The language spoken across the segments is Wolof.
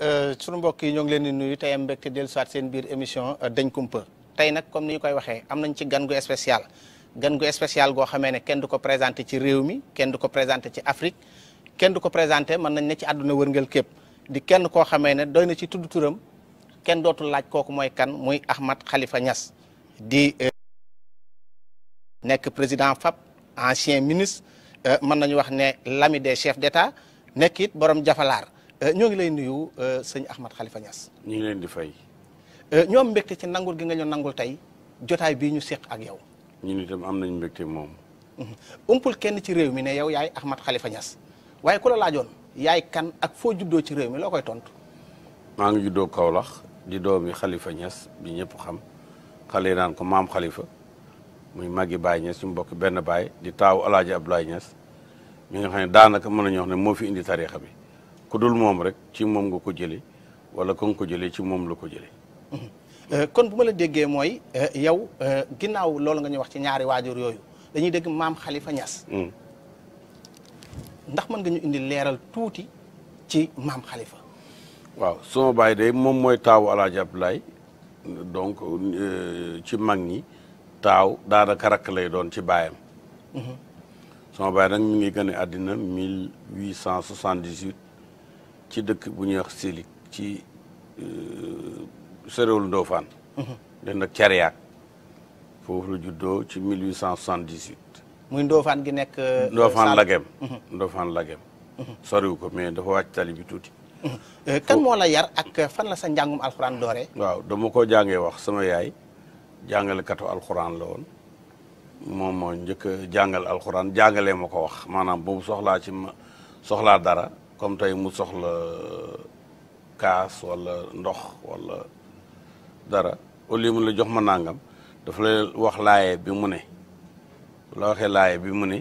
Euh, sunu mbokk yi ñoo ngi leen di nuyu tey mbekk mbégte dellu soit seen biir émission euh, dañ kumpa tey nag comme ni ñu koy waxee am nañ ci gan gu spécial gan gu spécial goo xamee ne kenn du ko présenté ci réew mi kenn du ko présenté ci Afrique kenn du ko présenté mën nañ ne ci àdduna wërngël képp di kenn koo xamee ne doy na ci tudd turam kenn dootul laaj kooku mooy kan muy Ahmed Khalifa Niass di euh, nekk président FAP ancien ministre mën nañu wax ne l'ami des chefs d'État nekk it borom jafalaar Euh, ñoo ngi lay nuyu euh, sañ Ahmad Khalifa Niass. ñu ngi leen di fay. Euh, ñoo am mbégte ci nangul gi nga ñu nangul tey jotaay bii ñu séq ak yow. ñun am nañ mbégte moom. Mhm. umpul kenn ci réew mi ne yow yaay Ahmad Khalifa Niass waaye ku la yaay kan ak foo juddoo ci réew mi loo koy tontu. maa ngi juddoo Kaolack di doomi xalifa ñas bi ñëpp xam xale yi naan ko maam Khalifa muy màggi baay Niass suñu bokk benn baay di taawu El Hadj Abdoulaye Niass mi nga xam ne daanaka mën nañu wax ne moo fi indi tariixa bi. ku dul moom rek ci moom nga ko jëlee wala ko nga ko jëlee ci moom la ko jëlee. Mm-hmm. Euh, kon bu ma la déggee mooy euh, yow euh, ginnaaw loolu nga ñu wax ci ñaari waajur yooyu dañuy dégg maam xalifa Niass. Mm. ndax mën nga ñu indi leeral tuuti ci maam xalifa waaw suma baay de moom mooy taaw El Hadj donc ci mag ñi taaw daanaka rakk lay doon ci baayam. Mm-hmm. sama baay nag ngi gën a àddina mille huit cent ci dëkk bu ñuy wax Sélig ci euh, sorewul Ndofane. Mhm. den ak Cariac foofu la juddoo ci 1878. muy Ndofane gi nekk. Euh, Ndofane Lagem. Mhm. Ndofane Lagem. Mhm. ko mais dafa wàcc tali tuuti. Euh, kan moo la yar ak fan la sa njàngum alxuraan doore. waaw dama ko jàngee wax sama yaay jàngalekatu alxuraan la woon moom moo njëkk jàngal alxuraan jàngalee ma ko wax maanaam boobu soxlaa ci ma soxlaa dara. comme tey mu soxla euh, kaas wala ndox walla dara au mu la jox ma nangam dafa lay wax laaye bi mu ne la waxee laaye bi mu ne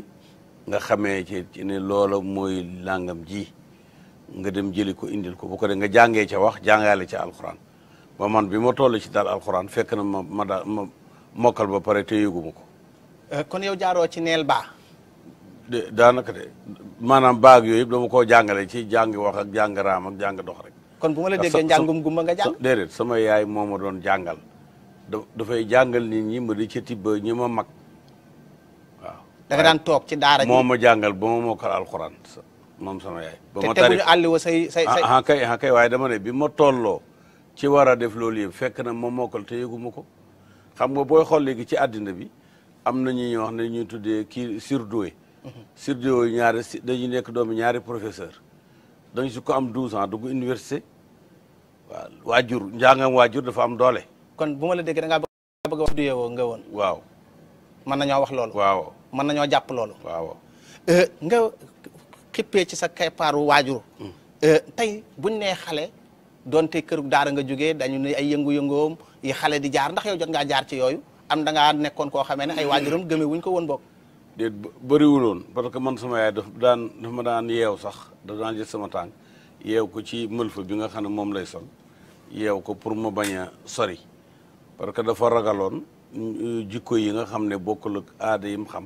nga xamee ci ci ne loola mooy nangam ji nga dem jëli ko indil ko bu ko de nga jàngee ca wax jàngaale ca alxuraan ba man bi ma toll ci daal alxuraan fekk na ma ma daa mokkal ba pare te yëguma ko. Euh, kon yow jaaroo ci neel baa daanaka de maanaam baag yooyu yëpp dama koo jàngale ci jàng wax ak jàng raam ak dox rek. kon bu ma la déggee njàngum gumba nga jàng. déedéet sama yaay moo ma doon jàngal da dafay jàngal nit ñi ma di ñi ma mag waaw. da toog ci daara moo ma jàngal ba ma moom sama yaay. ba te teguñu àll wa say say ah, say. Ah, ah, waaye dama bi ma tolloo ci war a def loolu yëpp fekk na ma mokkal ko xam nga booy xool léegi ci àddina bi am na ñuy ne ñuy tuddee kii surdoué. studio yi ñaari si dañuy nekk doomi ñaari professeur dañ si ko am 12 ans dugg université waaw waajur njàngam waajur dafa am doole. kon bu ma la déggee da ngaa bëgg wax du yeewoo nga woon. waaw. mën nañoo wax loolu. waaw mën nañoo jàpp loolu. waaw euh, nga xippee ci sa keppaaru waajur. Hmm. Euh, tey buñ nee xale donte këru daara nga jógee dañu ne ay yëngu-yëngoom yi xale di jaar ndax yow jot ngaa jaar ci yooyu am da ngaa nekkoon koo xamee ne ay waajuram gëme wuñ ko woon bokk. déet bëriwuloon parce que man sama yaay daf daan daf ma daan yeew sax daf daan jël sama tànk yeew ko ci mëlfa bi nga xam ne moom lay sol yeew ko pour ma bañ a sori parce que dafa ragaloon mm, euh, jikko yi nga xam ne bokkul ak aada yim xam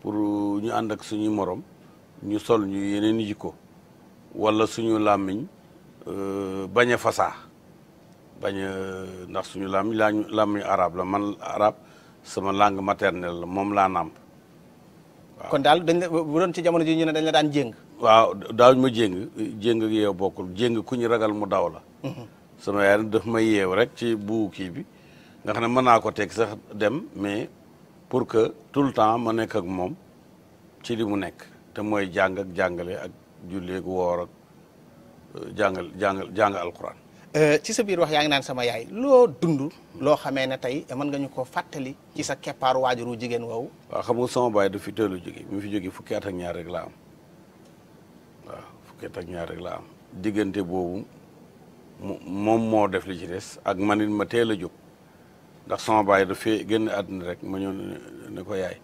pour ñu ànd ak suñu morom ñu sol ñu yeneen jikko wala suñu làmmiñ euh, bañ a fasaa bañ ndax suñu làmmiñ làmmiñu arab la man arab sama langue maternelle la moom laa nàmp kon daal dañ bu doon ci jamono ji ñu ne dañ la daan jéng waaw daawuñ ma jéng jéng ak yow bokkul jéng ku ñu ragal mu daw la mhm. sama yaay daf ma yeew rek ci buu kii bi nga xam ne mën naa ko teg sax dem mais pour que tout le temps ma nekk ak moom ci li mu nekk te mooy jàng ak jàngale ak julle julleeg woor ak euh, jàngal jàngal jàng alquran Euh, ci sa biir wax yaa ngi naan sama yaay loo dund loo xamee ne tey mën nga ñu ko fàttali ci sa keppaaru waajuru jigéen woowu. waaw xam nga sama baay daf fi teelu jóge mu fi jóge fukki at rek la rek la am diggante boobu moom moo def li ci ak man it a jóg ndax sama baay daf fee génn àdduna rek ma ñëw ne ko yaay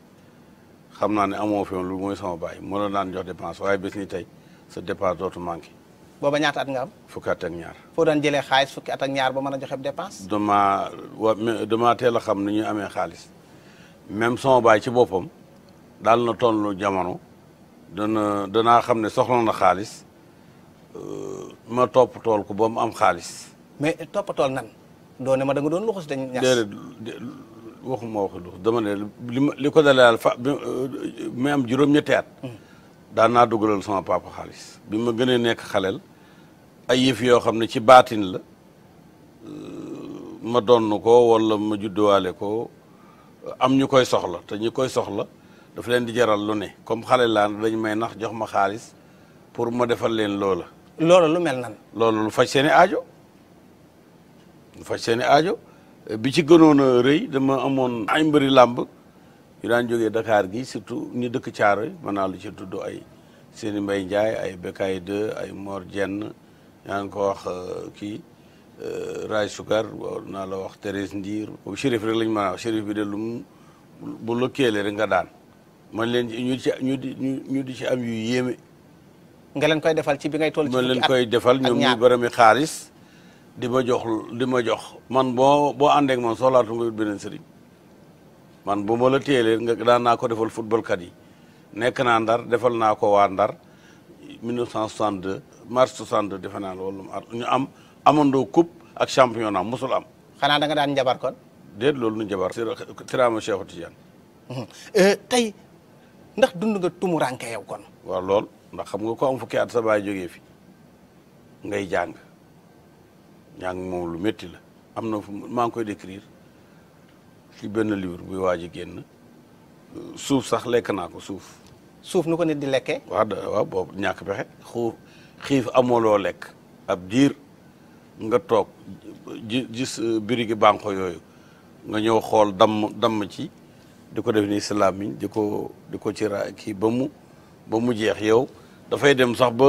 xam naa ne amoo fi lu mooy sama baay moo la daan jox dépense waaye bés ni tey sa dépense dootu manqué. booba ñaata at nga am. fukki at ak ñaar. foo jëlee xaalis fukki ñaar ba mën a joxe dépense. damaa wa damaa teel a xam ni ñuy amee xaalis même sama baay ci boppam daal na tollu jamono dana danaa xam ne soxla na xaalis euh, ma topp tool ko ba mu am xaalis. mais topp tool nan doone ma da doon luxus dañ ñaas déedéet waxuma waxu luxus dama ne li ko dalal fa mi euh, am juróom hmm. naa dugalal sama xaalis bi ma gën gënee nekk xaleel ay yëf yoo xam ne ci baatin la ma donn ko wala ma judduwaale ko am ñu koy soxla te ñu koy soxla daf leen di jaral lu ne comme xale laan dañ may nax jox ma xaalis pour ma defal leen loola. loola lu mel nan. loola lu faj seen ajo aajo lu faj seen ajo bi ci gënoon rëy dama amoon ay mbëri làmb yu daan jógee Dakar gi surtout ñu dëkk caaro mën naa lu ci tudd ay seeni Mbay Njaay ay Bekaay 2 ay Mor Jenn yaa ngi ko wax euh, kii euh, Ray Sugar naa la wax Thérèse Ndiir boobu rek lañ ma a wax shérif bi de lu rek nga daan man leen ñu ñu ñu di ñu di ci am yu yéeme. nga leen koy defal ci bi ngay toll ci leen koy defal ñoom ñu barami xaalis di ma jox di ma jox man boo boo àndeek man soxlaatu nga beneen man bu ma la téyelee nga daan naa ko defal football kat yi nekk naa ndar defal naa ko waa ndar 1962 mars 62 defe naa la wala ñu am amandoo coupe ak championnat mosul am. xanaa danga daan njabar kon. déet loolu nu jabar tiraama Cheikh Tidiane mhm. euh, tey ndax dund nga tumuranke yow kon waaw lool ndax xam nga ko am fukki at sa baay jógee fi ngay jàng ñàng moom lu métti la am na fu koy décrire ci benn livre buy waaj génn suuf sax lekk naa ko suuf suuf nu ko nit di lekke waaw waaw boobu ñàkk pexe xuuf xiif amooloo lekk ab diir nga toog ji gis euh, bànko yooyu nga ñëw xool damm damm ci di ko def nii islam di ko di ko ci ra kii ba mu ba mu jeex yow dafay dem sax ba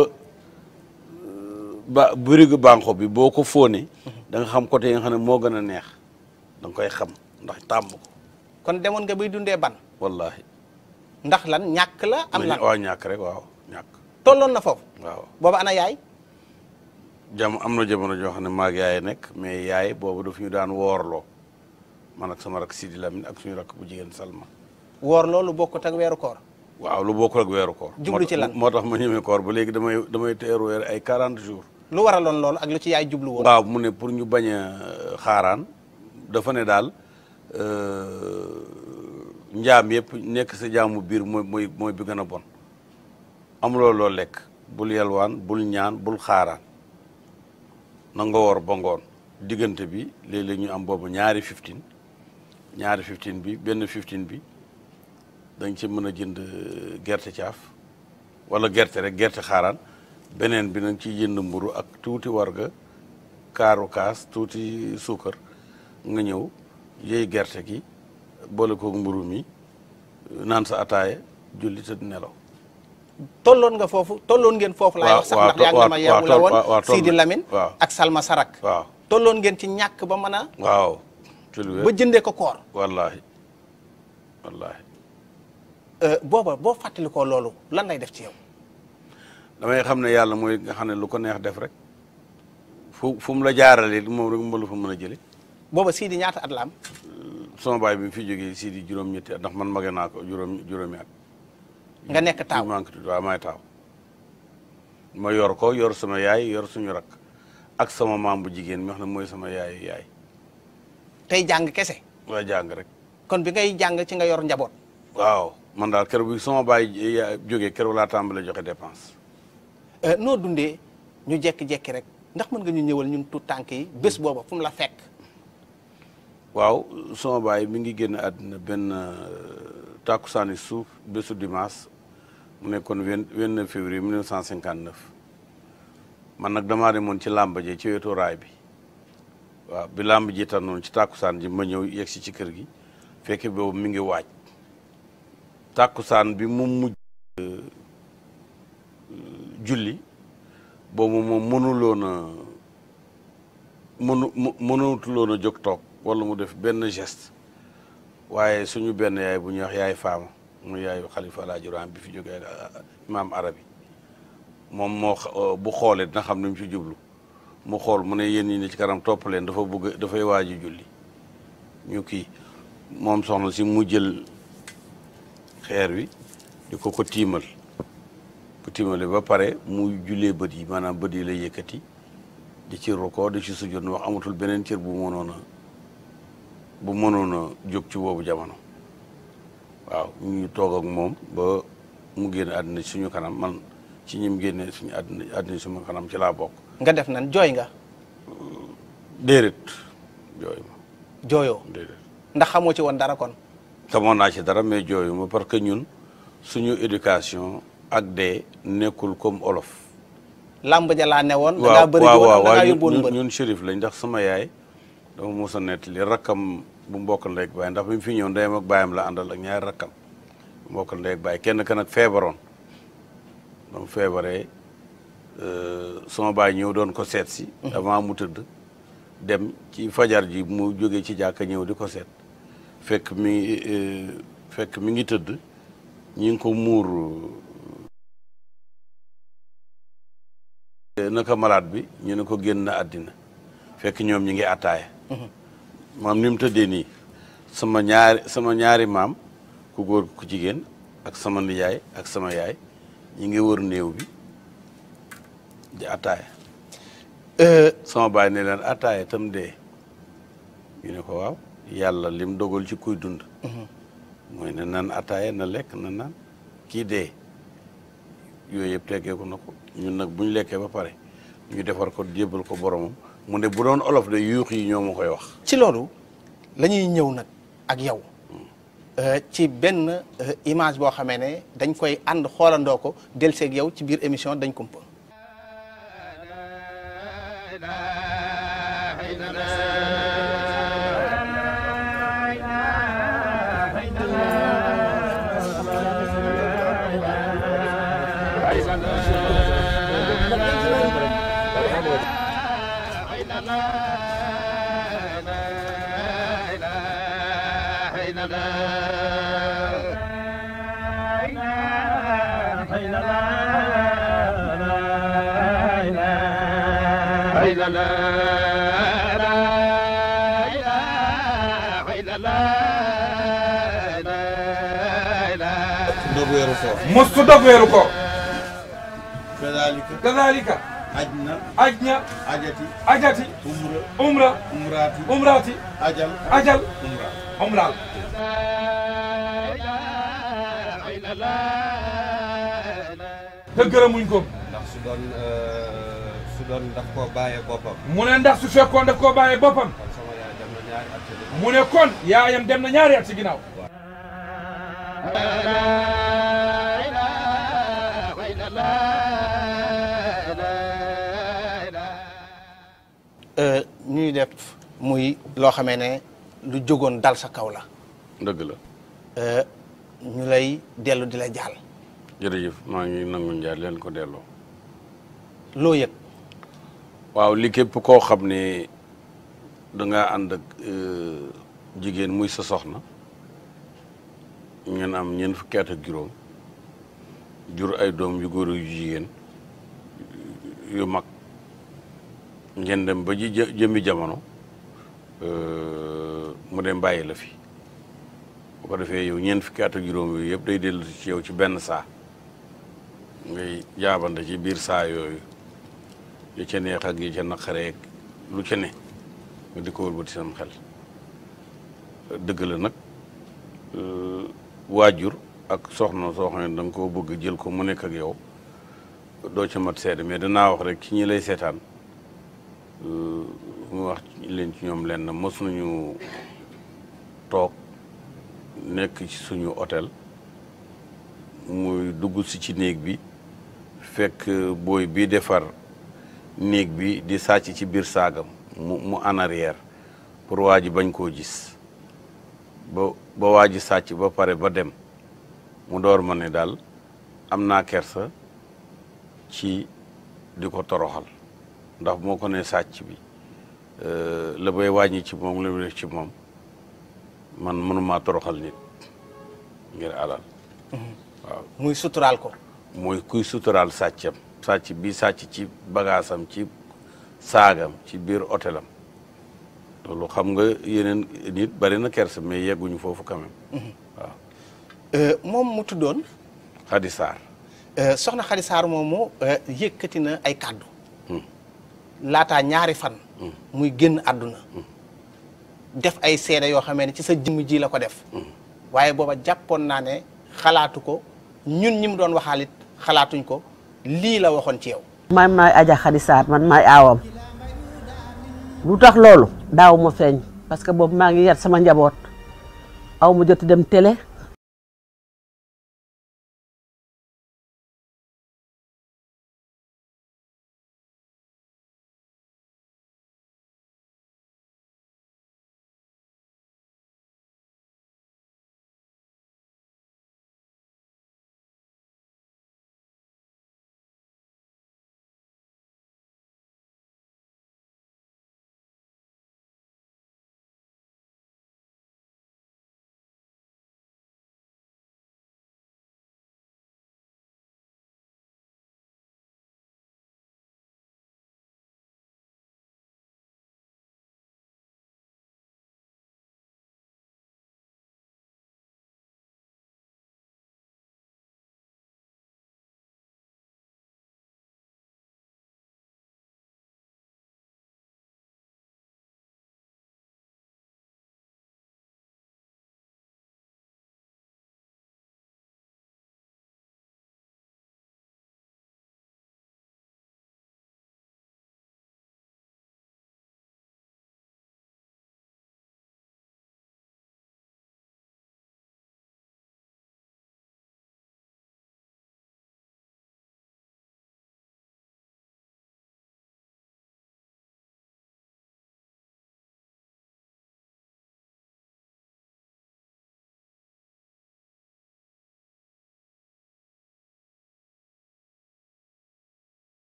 ba birigu banko bi boo ko fóonee da nga xam côté yi nga xam ne moo gën a neex da koy xam ndax tàmm ko kon demoon nga bay dundee ban wallaahi ndax lan ñàkk la am lan waaw ñàkk rek waaw ñàkk tolloon na foofu waaw booba ana yaay jam am na jamono joo xam ne maag yaay nekk mais yaay boobu daf ñu daan woorloo man ak sama rak Sidi Lamine ak suñu rakk bu jigéen Salma woorloo lu bokkut ak weeru koor waaw lu bokkul ak weeru koor jublu ci lan moo tax ma ñëmee koor ba léegi damay damay teeru weer ay 40 jours lu waraloon lool ak lu ci yaay jublu woon waaw mu ne pour ñu bañ euh, xaaraan dafa daal euh, njaam yëpp nekk sa jaamu biir mooy mooy mooy bi gën a bon amuloo loo lekk bul yelwaan bul ñaan bul xaaraan na nga woor ba ngoon diggante bi léeg-léeg ñu am boobu ñaari fifteen ñaari fifteen bi benn fifteen bi dañ ci mën a jënd euh, gerte caaf wala gerte rek gerte xaaraan beneen bi nag ciy jënd mburu ak tuuti warga kaaru kaas tuuti suukar nga ñëw yëy gerte gi boole koog mburu mi naan sa ataaya julli tëdd nelaw tolloon nga foofu tolloon ngeen foofu laay wax sax ndax yaa ngi ma yeewu la woon Sidi Lamine ak Salma Sarak waaw tolloon ngeen ci ñàkk ba mën a waaw ba jëndee ko koor wallaahi wallaahi euh, booba boo fàttali ko loolu lan lay def ci yow damay xam ne yàlla mooy nga xam ne lu ko neex def rek fu fu la jaarale moom rek mu la fa mën a jële booba Sidi ñaata at la am. baay bi fi jógee Sidi juróom-ñetti at ndax man mage ko juróom juróomi at. nga nekk taaw maa ngi tudd waaw maay ma yor ko yor sama yaay yor suñu rak ak sama maam bu jigéen mi wax ne mooy sama yaay yaay. tey jàng kese. waaw jàng rek. kon bi ngay jàng ci nga yor njaboot. waaw man daal kër bu sama baay jógee kër laa tàmbalee joxe dépense. Euh, noo dundee ñu jekki-jekki rek ndax mën nga ñu ñëwal ñun tout tànk yi bés booba fu mu la fekk. waaw sama baay mi ngi génn àddina benn euh, tàkkusaani suuf bésu dimanche mu nekkoon vingt neuf février mille neuf cent cinquante neuf man nag damaa demoon ci làmb ji ci wetu raay bi waaw bi làmb ji tànnoon ci tàkkusaan ji ma ñëw yegg si ci kër gi fekk boobu mi ngi waaj tàkkusaan bi mu mujj euh, julli boobu moom mënuloon a mënu mënutuloon a jóg toog wala mu def benn gest waaye suñu benn yaay bu ñuy wax yaay faama mu yaayu xalifa alaaji bi fi jógee euh, imaam arabi moom moo euh, bu xoolee dina xam ni mu ci jublu mu xool mu ne yéen ñi ne ci kanam topp leen dafa bëgg dafay waaju julli ñu kii moom soxna si mu jël xeer wi di ko ko tiimal bu tiimale ba pare mu jullee bët yi maanaam bët yi la yëkkati di ci rukkoo di ci sujjóot wax amatul beneen cër bu mënoon bu mënoon jóg ci boobu jamono waaw ñu toog moom ba mu génn àddina suñu kanam man ci ñim génne suñu àddina àddina suñu kanam ci laa bokk. nga def nan jooy nga. déedéet jooy ma. jooyoo ndax xamoo ci woon dara kon. xamoon naa ci dara mais jooyu ma parce que ñun suñu éducation ak dee nekkul comme olof. làmb ja laa ne woon. da ngaa bëri woon da ngaa yóbbuwoon ñun Chérif lañ ndax sama yaay dama mos a nettali bu mbokk bokkal ndey ak baay ndax bi mu fi ñëw ndeyam ak baayam la àndal ak ñaari rakkam bu mu bokkal ndey kenn ka nag feebaroon ba mu feebaree euh, sama baay ñëw doon ko seet si. Mm-hmm. avant mu tëdd dem ci fajar ji mu jóge ci jàkka ñëw di ko seet fekk mi euh, fekk mi ngi tëdd ñi ngi ko muur. naka malaat bi ñu ne ko génn àddina fekk ñoom ñi ngi attaaya mm-hmm. maam ni mu tëddee nii sama ñaari sama ñaari maam ku góor ku jigéen ak sama nijaay ak sama yaay ñi ngi wër néew bi di ataaya euh, sama baay ne leen ataaya tam dee ñu ne ko waaw yàlla lim dogal ci kuy dund mhm. mooy ne nan ataaya na lekk na naan kii dee yooyu yëpp teggeeku na ko ñun nag bu lekkee ba pare ñu defar ko jébbal ko boromam mu ne bu doon olof de yuux yi ñoo ma koy wax. ci loolu la ñuy ñëw nag ak yow. Hmm. Euh, ci benn euh, image boo xamee ne dañ koy ànd xoolandoo ko delseeg yow ci biir émission dañ kumpa weeru koor mosu dog weeru koor kadalika ajna ajna ajati ajati umra umra umrati umrati ajal ajal umra umral te gërëmuñ ko ndax su doon euh, su doon daf koo bàyyee boppam mu ne ndax su fekkoon daf koo bàyyee boppam mu ne kon yaayam dem na ñaari at ginnaaw Euh, ñuy def muy loo xamee ne lu jógoon dal sa kaw la. ndëgg la. Euh, ñu lay dellu di la jaal. jërëjëf maa ngi nangu njaal leen ko delloo. loo yëg. waaw li képp koo xam ne danga ngaa ànd ak euh, jigéen muy sa soxna am ñeent fukki at ak juróom jur ay doom yu góor yu jigéen yu mag. ngeen dem ba ji jëmbi jamono euh, mu dem bàyyi la fi bu ko defee yow ñeent fukki at juróom yooyu yëpp day dellu ci yow ci benn saa ngay jaabante ci biir saa yooyu yu ca neex ak yu ca naqareeg lu ca ne di ko wëlbati sam xel dëgg la nag euh, waajur ak soxna soo xam ne koo bëgg jël ko mu nekk ak yow doo ca mat seede mais danaa wax rek ci ñi lay seetaan mu wax leen ci ñoom lenn mës nañu toog nekk ci suñu hôtel muy dugg si ci néeg bi fekk booy bi defar néeg bi di sàcc ci biir saagam mu mu en pour waa ji bañ koo gis ba ba waa ji sàcc ba pare ba dem mu door ma ne daal am naa kersa ci di ko toroxal ndax moo ko sàcc bi euh, la bay wàññi ci moom ci moom man mënumaa toroxal nit ngir alal. Mm-hmm. muy suturaal ko. muy kuy suturaal sàccam. sàcc bi sàcc ci bagaasam ci saagam ci biir hôtelam loolu xam nga yeneen nit bari na kersa mais yegguñu foofu quand mm-hmm. euh, moom mu tuddoon. Khady Sarr. Euh, soxna Khady Sarr moomu yëkkati na ay kàddu. laataa ñaari fan mm. muy génn àdduna mm. def ay seede yoo xamee ne ci sa jëmm ji la ko def mm. waaye booba jàppoon naa ne xalaatu ko ñun ñim doon waxaalit xalaatuñ ko lii la waxoon ci yow man maay Adja man maay aawam lu tax loolu daaw ma feeñ parce que boobu maa ngi yar sama njaboot aw ma jot dem télé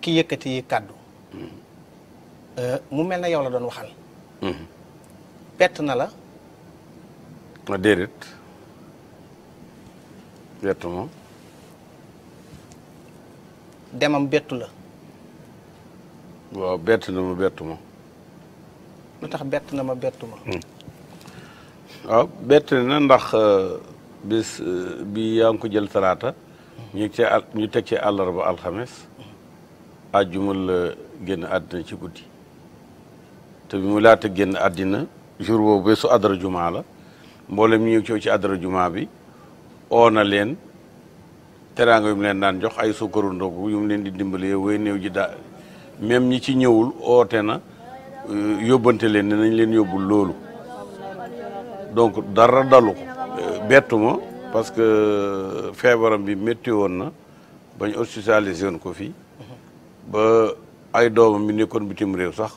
ki yëkkati yi kàddu mu mel na yow la doon waxal bett na la ah, ma déedéet bett moom demam bettu la waaw bett na ma bettu ma lu tax bett na ma bettu ma waaw hmm. ah, bett na ndax euh, bis euh, bi yaa ngi ko jël talaata ñu ci ñu teg ci àllarba alxames àjjuma la génn àddina ci guddi te bi mu laata génn àddina jour boobu bésu adara juma la mboolem ñu ñëw ci adara juma bi oo na leen teraanga yu leen daan jox ay sukkaru ndogu yu mu leen di dimbalee way néew ji daal même ñi ci ñëwul oote na euh, yóbbante leen ne nañ leen yóbbul loolu donc dara dalu ko euh, parce que euh, feebaram bi métti woon na bañ hospitalisé woon ko fii ba ay doomam mi nekkoon bitim réew sax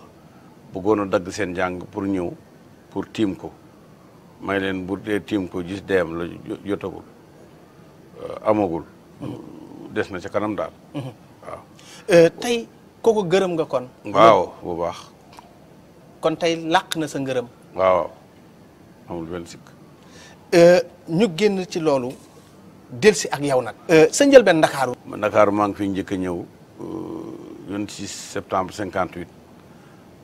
bëggoon a dagg seen jàng pour ñëw pour tiim ko may leen bu dee tiim ko gis deem la jotagul euh, amagul. des na ci kanam daal. waaw euh, tey kooku gërëm nga kon. waaw bu baax. kon tey làq na sa ngërëm. waaw amul benn sikk. Euh, ñu génn ci loolu delsi ak yow nag. sa njëlbeen Ndakaaru. Ndakaaru maa ngi fi njëkk a ñëw. 26 septembre 58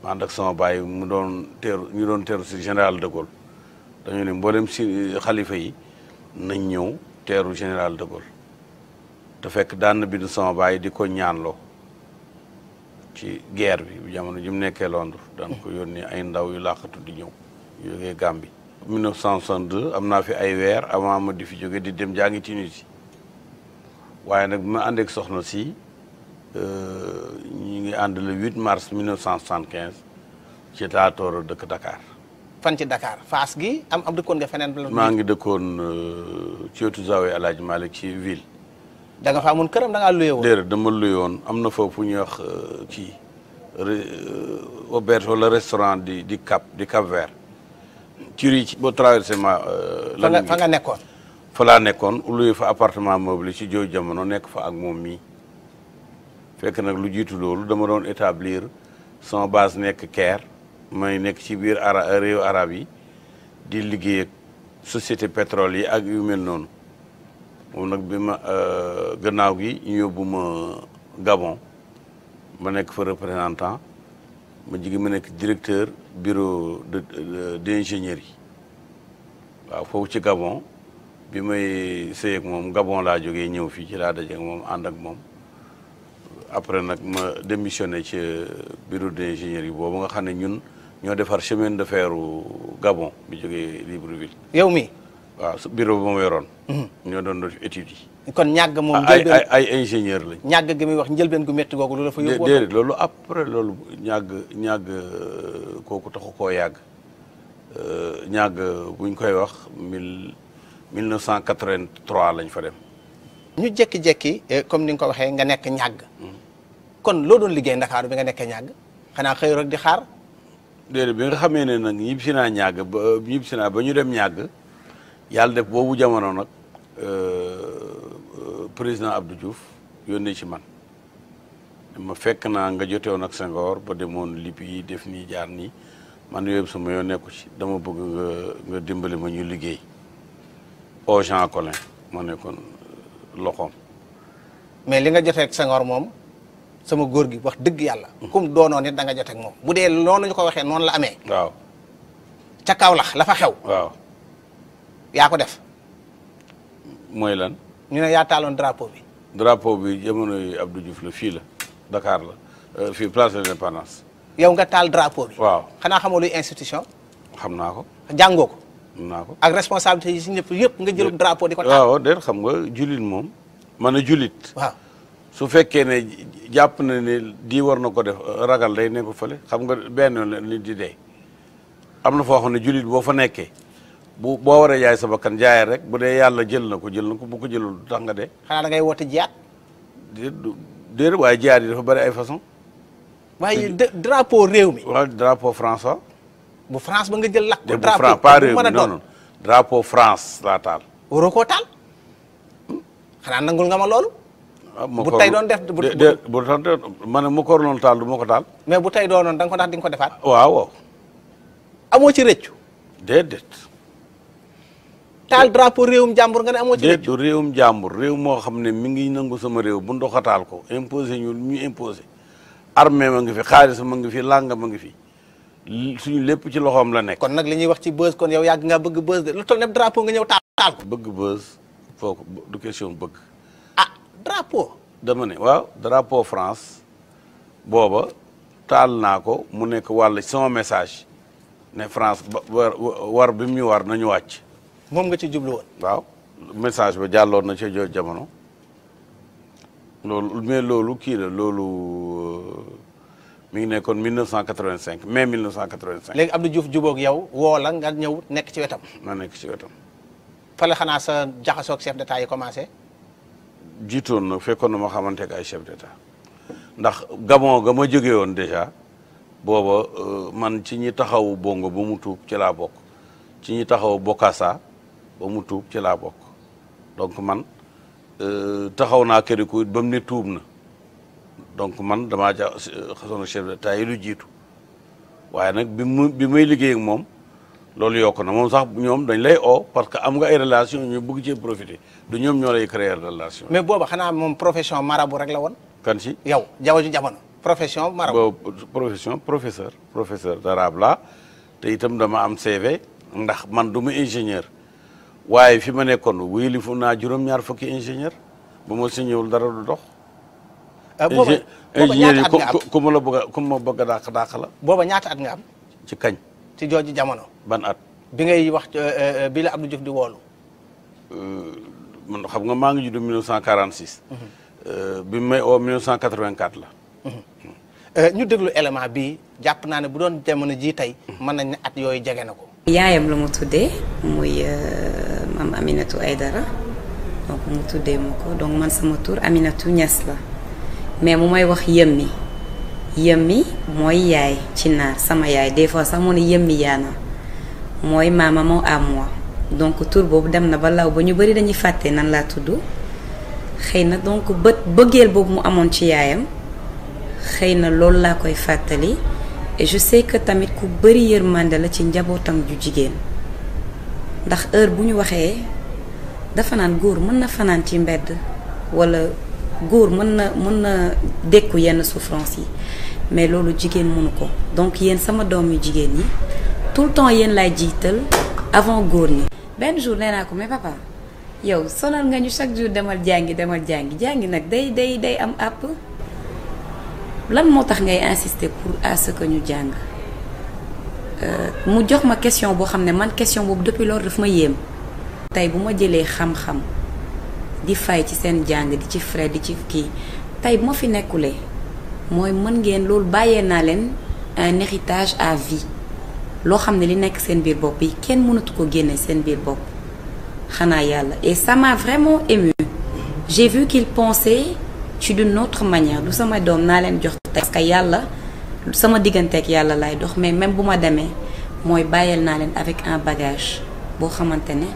ma ànd ak sama baay mu doon teeru ñu doon teeru si général de Gaulle dañu ne mboolem si xalifa yi nañ ñëw teeru général de Gaulle te fekk daan na bind sama baay di ko ñaanloo ci guerre bi jamono ji mu nekkee Londres daan ko yónnee ay ndaw yu làqatu di ñëw yu jógee Gambie. 1962 am naa fi ay weer avant ma di fi jóge di dem jaa ngi Tunisie waaye nag bi ma àndeek soxna si. Euh, ñu ngi ànd le 8 mars 1975 ci Tatooro dëkk Dakar. fan ci Dakar faas gi am am dëkkoon nga feneen. maa ngi dëkkoon euh, ci wetu Zawe El ci ville. da nga fa amoon këram da ngaa woon. am na foofu ñuy wax kii euh, auberge di di di Cap ci ri boo traversé ma. la fa nga nekkoon. fa laa nekkoon luye fa appartement meublé ci jooju jamono nekk fa ak moom mii. fekk nag lu jiitu loolu dama doon établir sama base nekk Caire may nekk ci biir ara réew arab yi di liggéey ak société pétrole yi ak yu mel noonu moom nag bi ma euh, gannaaw gi ñu yóbbu ma Gabon ma nekk fa représentant ma jigi ma nekk directeur bureau de d'ingénierie waaw foofu ci Gabon bi may sëy ak moom Gabon laa jógee ñëw fii ci laa daje moom ànd ak moom après nag ma démissionné ci euh, bureau yi boobu nga xam ne ñun ñoo defar chemin de feru Gabon bi jógee Libreville. yow mi waaw bureau ba ma yoroon. Mhm. ñoo doon def études yi. kon ñàgg moom ah, njëlbeen ay ay ingénieur lañ. ñàgg gi muy wax njëlbeen gu métti googu loolu dafa yóbbu. déedéet loolu après loolu ñàgg ñàgg euh, kooku taxu koo yàgg euh, ñàgg buñ koy wax mil mille neuf cent quatre-vingt-trois lañ fa dem. ñu jekki-jekki eh, comme ni nga ko waxee nga nekk ñàgg kon loo doon liggéey ndakaaru bi nga nekkee ñàgg xanaa xëy rek di xaar déedéet bi nga xamee ne nag ñib si naa ba eh, ñib naa ba ñu dem ñàgg yàlla def boobu jamono nag eh, président Abdou Diouf yónnee ci man ma fekk naa nga jotewoon ak Senghor ba demoon libi def nii jaar nii man yooyu sama yoon nekku ci dama bëgg nga dimbali ma ñu liggéey Jean Collin ma nekkoon loxoom mais li nga joteeg Senghor moom sama góor gi wax dëgg yàlla kum doonoon it da nga joteeg moom bu dee noonu ñu ko waxee noonu la amee waaw ca lafa xew waaw yaa ko def mooy lan ñu ne yaa taaloon drapeau bi drapeau bi jamono yi Abdou Diouf la fii la Dakar la euh, fi place de l'Indépendance yow nga taal drapeau bi waaw xanaa xamoo luy institution xam naa ko jàngoo ko naa ko ak responsabilité yi si yëpp nga jël drapeau di ko taal waaw déet xam nga julit moom man a jullit su fekkee ne jàpp na ne di war na ko def ragal day ne ko fële xam nga benn la di dee am na foo xam ne jullit boo fa nekkee bu boo waree jaay sa bakkan jaayee rek bu dee yàlla jël na ko jël na ko bu ko jëlul tax nga dee xanaa da ngay woote jiyaat déedéet waaye jiyaat yi dafa bari ay façon waaye drapeau réew mi waaw drapeau François bu France ba nga jël lakk. bu France pas réew mi drapeau France laa taal. waroo koo taal xanaa nangul nga ma loolu. Ah, bu tey doon def bu bu ma ne ma ko waroon taal du ko taal. mais bu tey doonoon da nga ko ko defaat. waaw waaw. amoo ci rëccu. déedéet. taal drapeau réewum jàmbur nga ne amoo ci rëccu. déedéet réewum jàmbur réew moo xam ne mi ngi nangu sama réew bu taal ko imposé ñu ñu imposé armée ma ngi fi xaalis ma ngi fi làng ma ngi fi. suñu lépp ci loxoom la nekk. kon nag li ñuy wax ci buzz kon yow yàgg nga bëgg buzz de lu toll ne drapeau nga ñëw taal ko. bëgg buzz foofu du question bëgg. ah drapeau. dama ne waaw drapeau France booba taal naa ko mu nekk wàll sama message ne France ba war bi mu war nañu wàcc. moom nga ci jublu woon. waaw message ba jàlloon na ci jooju jamono loolu mais loolu kii la loolu. mi ngi nekkoon 1985 mai 1985. léegi Abdou Diouf jubóog yow woo la nga ñëw nekk ci wetam. ma nekk ci wetam. fa xanaa sa jaxasoog chef d'état yi commencé. jiitoon na fekkoon na ma xamante ak ay chef ndax Gabon ga ma jógee woon déjà booba euh, man ci ñi taxaw Bongo ba mu tuub ci laa bokk ci ñi taxawu Bokassa ba mu tuub laa bokk donc man euh, taxaw naa Kédougou it ba ne tuub na. donc man damaa ja xasoon ak chef de l'État lu jiitu waaye nag bi mu bi muy liggéey moom loolu yokk na moom sax ñoom dañ lay o parce que am nga ay relation ñu bëgg cee profiter du ñoom ñoo lay créer relation mais booba xanaa moom profession marabu rek la woon kan si yow jaww ji jamono profession marabu profession professeur professeur d'arabe la te itam dama am CV ndax man du ma ingénieur waaye fi ma nekkoon wéyalifu naa juróom-ñaar fukki ingénieur ba ma si ñëwul dara du dox Eh, eh, booba ingénieur yi ku a ku a dàq la. booba ñaata at nga am. ci kañ. ci jooju jamono. ban at. bi ngay wax eh, bi la Abdou Diouf di woolu. Euh, xam nga maa ngi judd 1946. Mhm. Euh, bi may oo 1984 la. Mhm. Euh, ñu déglu élément bi jàpp naa ne bu doon jamono ji tey. mën nañ ne at yooyu jege na ko. yaayam la mu tuddee muy maam Aminatu Aydara donc mu tuddee ma ko donc man sama tur Aminatu Niass la. mais mu may wax yëm mi yëm mi mooy yaay ci naar sama yaay des fois sax mu ne yëm mooy maama moo am donc tur boobu dem na ba law ba ñu bari dañuy fàtte nan laa tudd xëy na donc bët bëggeel boobu mu amoon ci yaayam xëy na loolu laa koy fàttali et que tamit ku bari bëri mànde la ci njabootam ju jigéen ndax heure bu ñu waxee dafa naan góor mën na fanaan ci mbedd walla góor mën na mën na dékku yenn souffrance yi mais loolu jigéen mënu ko donc yéen sama doom yu jigéen yi tout le temps yéen laay jiital avant góor ñi. benn jour nee naa ko mais papa yow sonal nga ñu chaque jour demal jàngi demal jàngi jàngi nag day day day am àpp lan moo tax ngay insister pour à ce que ñu jàng euh, mu jox ma question boo xam ne man question boobu depuis loolu dafa ma yéem. tey bu ma jëlee xam-xam. di fay ci seen jàng di ci frais di ci kii tey bu ma fi nekkule mooy mën ngeen loolu bàyyee naa leen un héritage à vie loo xam ne li nekk seen biir bopp yi kenn mënatu ko génnee seen biir bopp xanaa yàlla et sama vraiment ému j'ai vu ci d'une autre manière du sama doom naa leen jox tey parce que yàlla sama digganteek yàlla laay dox mais même bu ma demee mooy bàyyeel naa leen avec un bagage boo xamante ne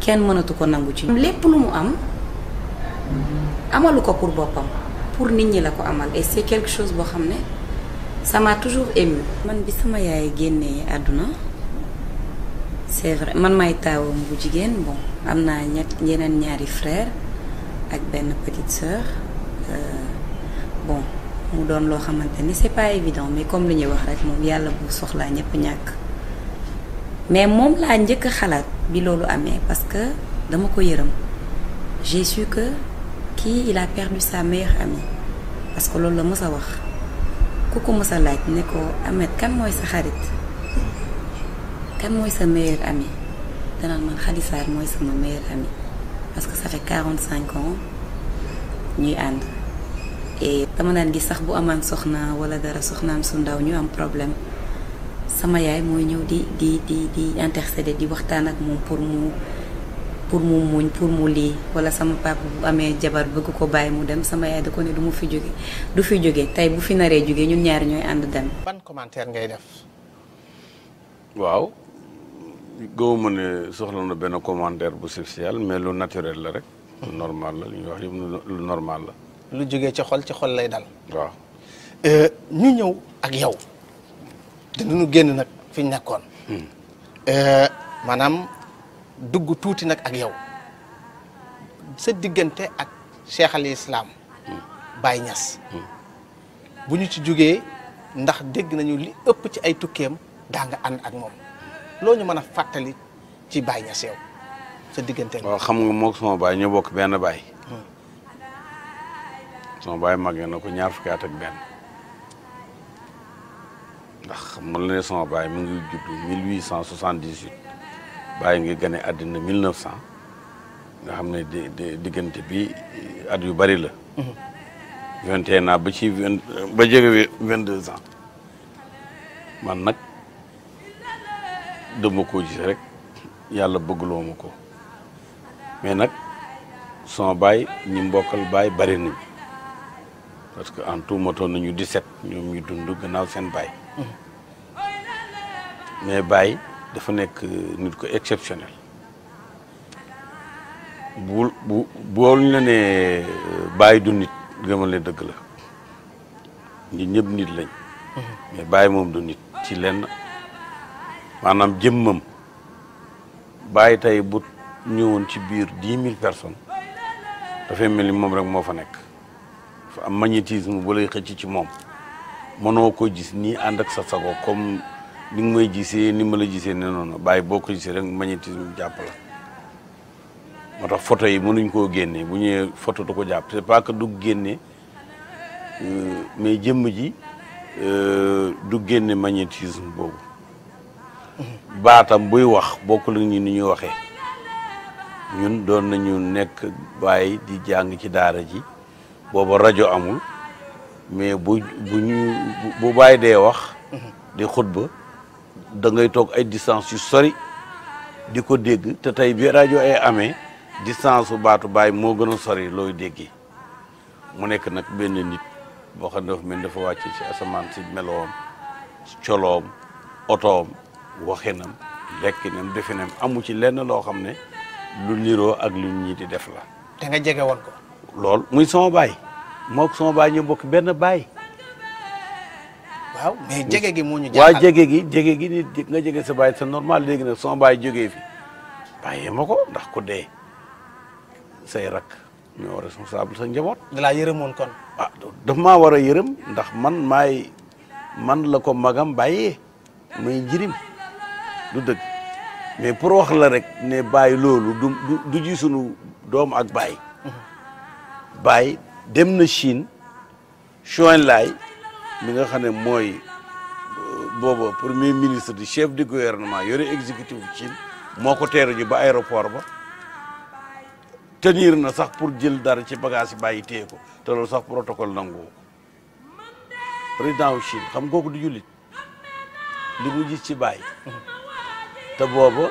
kenn mënatu ko nangu ci lépp lu mu am amalu ko pour boppam pour nit ñi la ko amal et c'est quelque chose boo xam ne sama toujours ému man bi sama yaay génnee àdduna c'est vrai man may taawam bu jigéen bon am naa ñett yeneen ñaari frère ak benn petite sœur euh, bon mu doon loo xamante ni c'est pas évident mais comme li ñuy wax rek moom yàlla bu soxlaa ñëpp ñàkk mais moom laa njëkk a xalaat bi loolu amee parce que dama ko yërëm j'ai que kii il a perdu sa meilleure amie parce que loolu la mës a wax ku ko mës a laaj ne ko amet kan mooy sa xarit kan mooy sa ami amie danaan man Khady mooy sama meilleure ami parce que ça fait quarante cinq ans ñuy ànd et dama naan gis sax bu amaan soxna wala dara soxnaam su ndaw ñu am problème sama yaay mooy ñëw di di di di intercéder di waxtaan ak moom pour mu pour mu muñ pour mu lii wala sama papa bu amee jabar bëgg ko bàyyi mu dem sama yaay da ko ne du mu fi jóge du fi jóge tey bu fi naree jóge ñun ñaari ñooy ànd dem. ban commentaire ngay def. waaw gëwuma ne na benn commentaire bu social mais lu naturel la rek. lu ñuy wax yëpp lu normal la. lu jógee ci xol ci xol lay dal. waaw. Euh, ñu ñëw ak yow. dinañu génn nag fi nekkoon. Hmm. Euh, maanaam. dugg tuuti nag ak yow sa diggante ak cheikh al islam Baye Niass bu ñu ci jógee ndax dégg nañu li ëpp ci ay tukkeem daa nga ànd ak moom loo ñu mën a fàttali ci Baye Niass yow sa diggante waaw xam nga mook sama baay ñoo bokk benn baay hmm. sama baay màggee na ko ñaar fukki at ak benn ndax xam nga la ne sama baay mu ngi juddu bàyyi ngi gane àddina cent nga xam ne di diggante bi at yu bari la. 21 naa ba ci vingt ba jege 22 ans man nag dama ko gis rek yàlla bëggloo ma ko mais nag sama baay ñi mbokkal baay bari nañu parce que en tout motoon nañu 17 ñoom ñu dund gannaaw seen baay mm-hmm. mais baay. dafa nekk euh, nit ko exceptionnel bu bu boolu la ne euh, bàyyi du nit gëmal ne dëgg la nit ñëpp nit lañ mais bàyyi moom du nit ci lenn maanaam jëmmam bàyyi tey bu ñëwoon ci biir dix mille personnes dafay mel ni moom rek moo fa nekk dafa am magnétisme bu lay xëcc ci moom mënoo ko gis nii ànd ak sa sago comme ni nga may gisee ni ma la gisee ne noonu bàyyi boo ko gisee rek magnétisme jàpp la moo tax photo yi mënuñ koo génne bu ñuy photo du ko jàpp c'est pas que du génne euh, mais jëmm ji euh, du génne magnétisme boobu baatam buy wax bokkul ak ñi ni ñuy waxee ñun doon nañu nekk bàyyi di jàng ci daara ji booba rajo amul mais bu bu ñu bu bàyyi dee wax di xutba da ngay toog ay distance yu sori di ko dégg te tey bi rajo ay amee distance su baatu baay moo gën a sori looy déggi mu nekk nag benn nit boo xam ne dafa mel dafa wàcce ci asamaan si meloom coloom otoom waxinam lekkinam definam amu ci lenn loo xam ne lu niroo ak lu ñii di def la. te nga jege lool muy sama baay moo ko sama baay ñu benn baay. waaw mais jege gi moo ñu jaaxal waaw jege gi jege gi nit nga jege sa baay sa normal léegi nag sama baay jógee fi bàyyee ma ko ndax ku dee say rak ñoo responsable sa njaboot. da laa yërëmoon kon. ah daf maa war a yërëm ndax man may man la ko magam bàyyee muy njirim du dëgg mais pour wax la rek ne bàyyi loolu du ji sunu doom ak bàyyi. Mhm. bàyyi dem na Chine Chouin laay mi nga xam ne mooy booba premier ministre di chef de gouvernement yore exécutif Chine moo ko teeru ji ba aéroport ba tenir na sax pour jël dara ci bagage yi bàyyi téye ko te loolu sax protocole nangu président wu Chine xam kooku du jullit li ji ci bàyyi te booba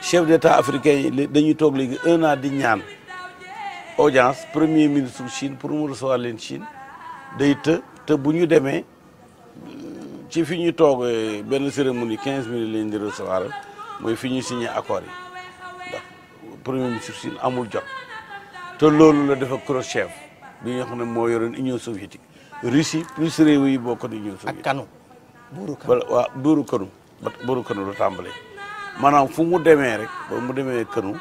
chef d'état africain yi dañuy toog léegi un an di ñaan audience premier ministre Chine pour mu recevoir leen Chine da të te bu ñu demee ci fi ñu toog eh, benn cérémonie quinze minutes lañ di recevoir mooy fi ñu signé accord yi premier ministre Sine amul jot te loolu la dafa Khrouchtchev bi nga xam ne moo yoroon Union soviétique Russie plus réew yi bokkoon Union soviétique ak kanu buuru kanu waaw buuru kanu ba buuru kanu la tàmbalee maanaam fu mu demee rek ba mu demee kanu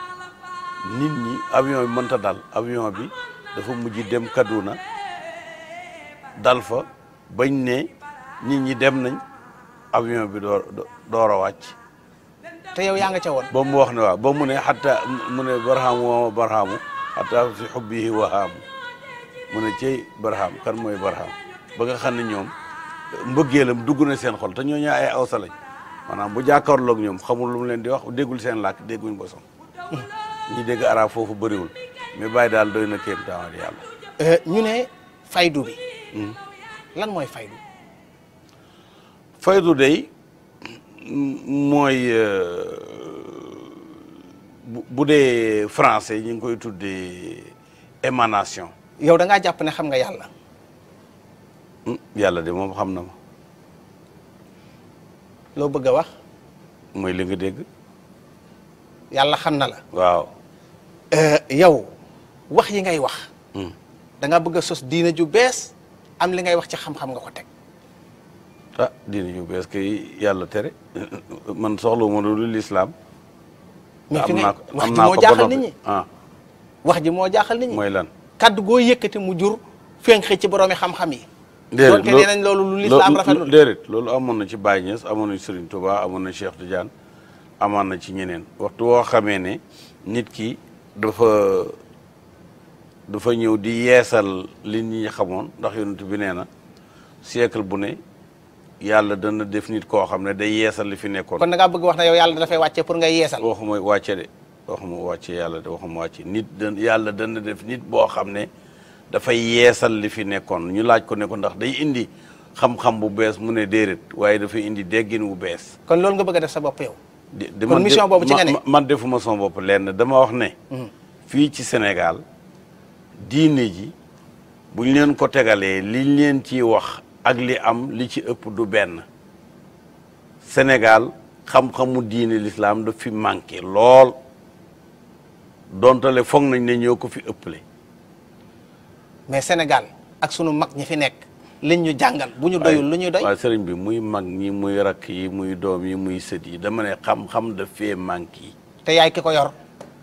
nit ñi avion bi mënta dal avion bi dafa mujj dem Kaduna dal fa bañ ne nit ñi dem nañ avion bi door door a wàcc. te yow yaa nga ca woon. ba mu wax ne waa ba mu ne xataa mu ne barhaamu wama barhaamu xataa fi xubbihi wahaamu mu ne cey barhaam kan mooy barhaam ba nga xam ne ñoom mbëggeelam dugg na seen xol te ñoo ñaa ay awsa lañ maanaam bu jàkkaarloog ñoom xamul lu leen di wax déggul seen làkk dégguñ bosom ñi dégg arab foofu bariwul mais bàyyi daal doy na kéem taamaat yàlla eh, ñu ne faydu bi Mm-hmm. lan mooy faydu faydu day mooy euh, bu dee français ñu ngi koy tuddee émanation yow da jàpp ne xam nga yàlla hmm, yàlla de moom xam na ma loo bëgg a wax mooy li nga dégg yàlla xam na la waaw euh, yow wax yi ngay wax hmm. da nga sos diina ju bees am li ngay wax ci xam-xam nga ko teg. ah diine ju bees kay yàlla tere man soxla ma lu lislaam. am naa ko naa ko ah. wax ji moo jaaxal nit ñi. wax ji moo jaaxal nit mooy lan kaddu goo yëkkati mu jur fenk ci boroomi xam-xam yi. déedéet loolu doonte loolu lu lislaam rafetlu déedéet loolu amoon na ci Baye Niass amoon na ci Serigne amoon na Cheikh Tidiane amoon na ci ñeneen waxtu woo xamee ne nit ki dafa. dafa ñëw di yeesal li ñi xamoon ndax yonent bi nee na siècle bu ne yàlla dana def nit koo xam ne day yeesal li fi nekkoon. kon da bëgg wax ne yow yàlla dafay wàcce pour ngay yeesal. waxuma wàcce de waxuma wàcce yàlla de waxuma wàcce nit dan yàlla dana def nit boo xam ne dafay yeesal li fi nekkoon ñu laaj ko ne ndax day indi xam-xam bu bees mu ne déedéet waaye dafay indi déggin wu bees. kon loolu nga bëgg def sa bopp yow. kon boobu ci man defuma sama bopp lenn dama wax ne. Mhm. fii ci senegal diine ji buñ leen ko tegalee liñ leen ci wax ak li am li ci ëpp du benn senegal xam mu diine lislaam daf fi manqué lool dontale foog nañ ne ñoo ko fi ëpple mais senegal ak sunu mag ñi fi nekk li ñu jàngal bu ñu doyul lu ñu doy waaw sëriñ bi muy mag ñi muy rakk yi muy doom yi muy sët yi dama ne xam-xam daf fee manqué yi te yaay ki ko yor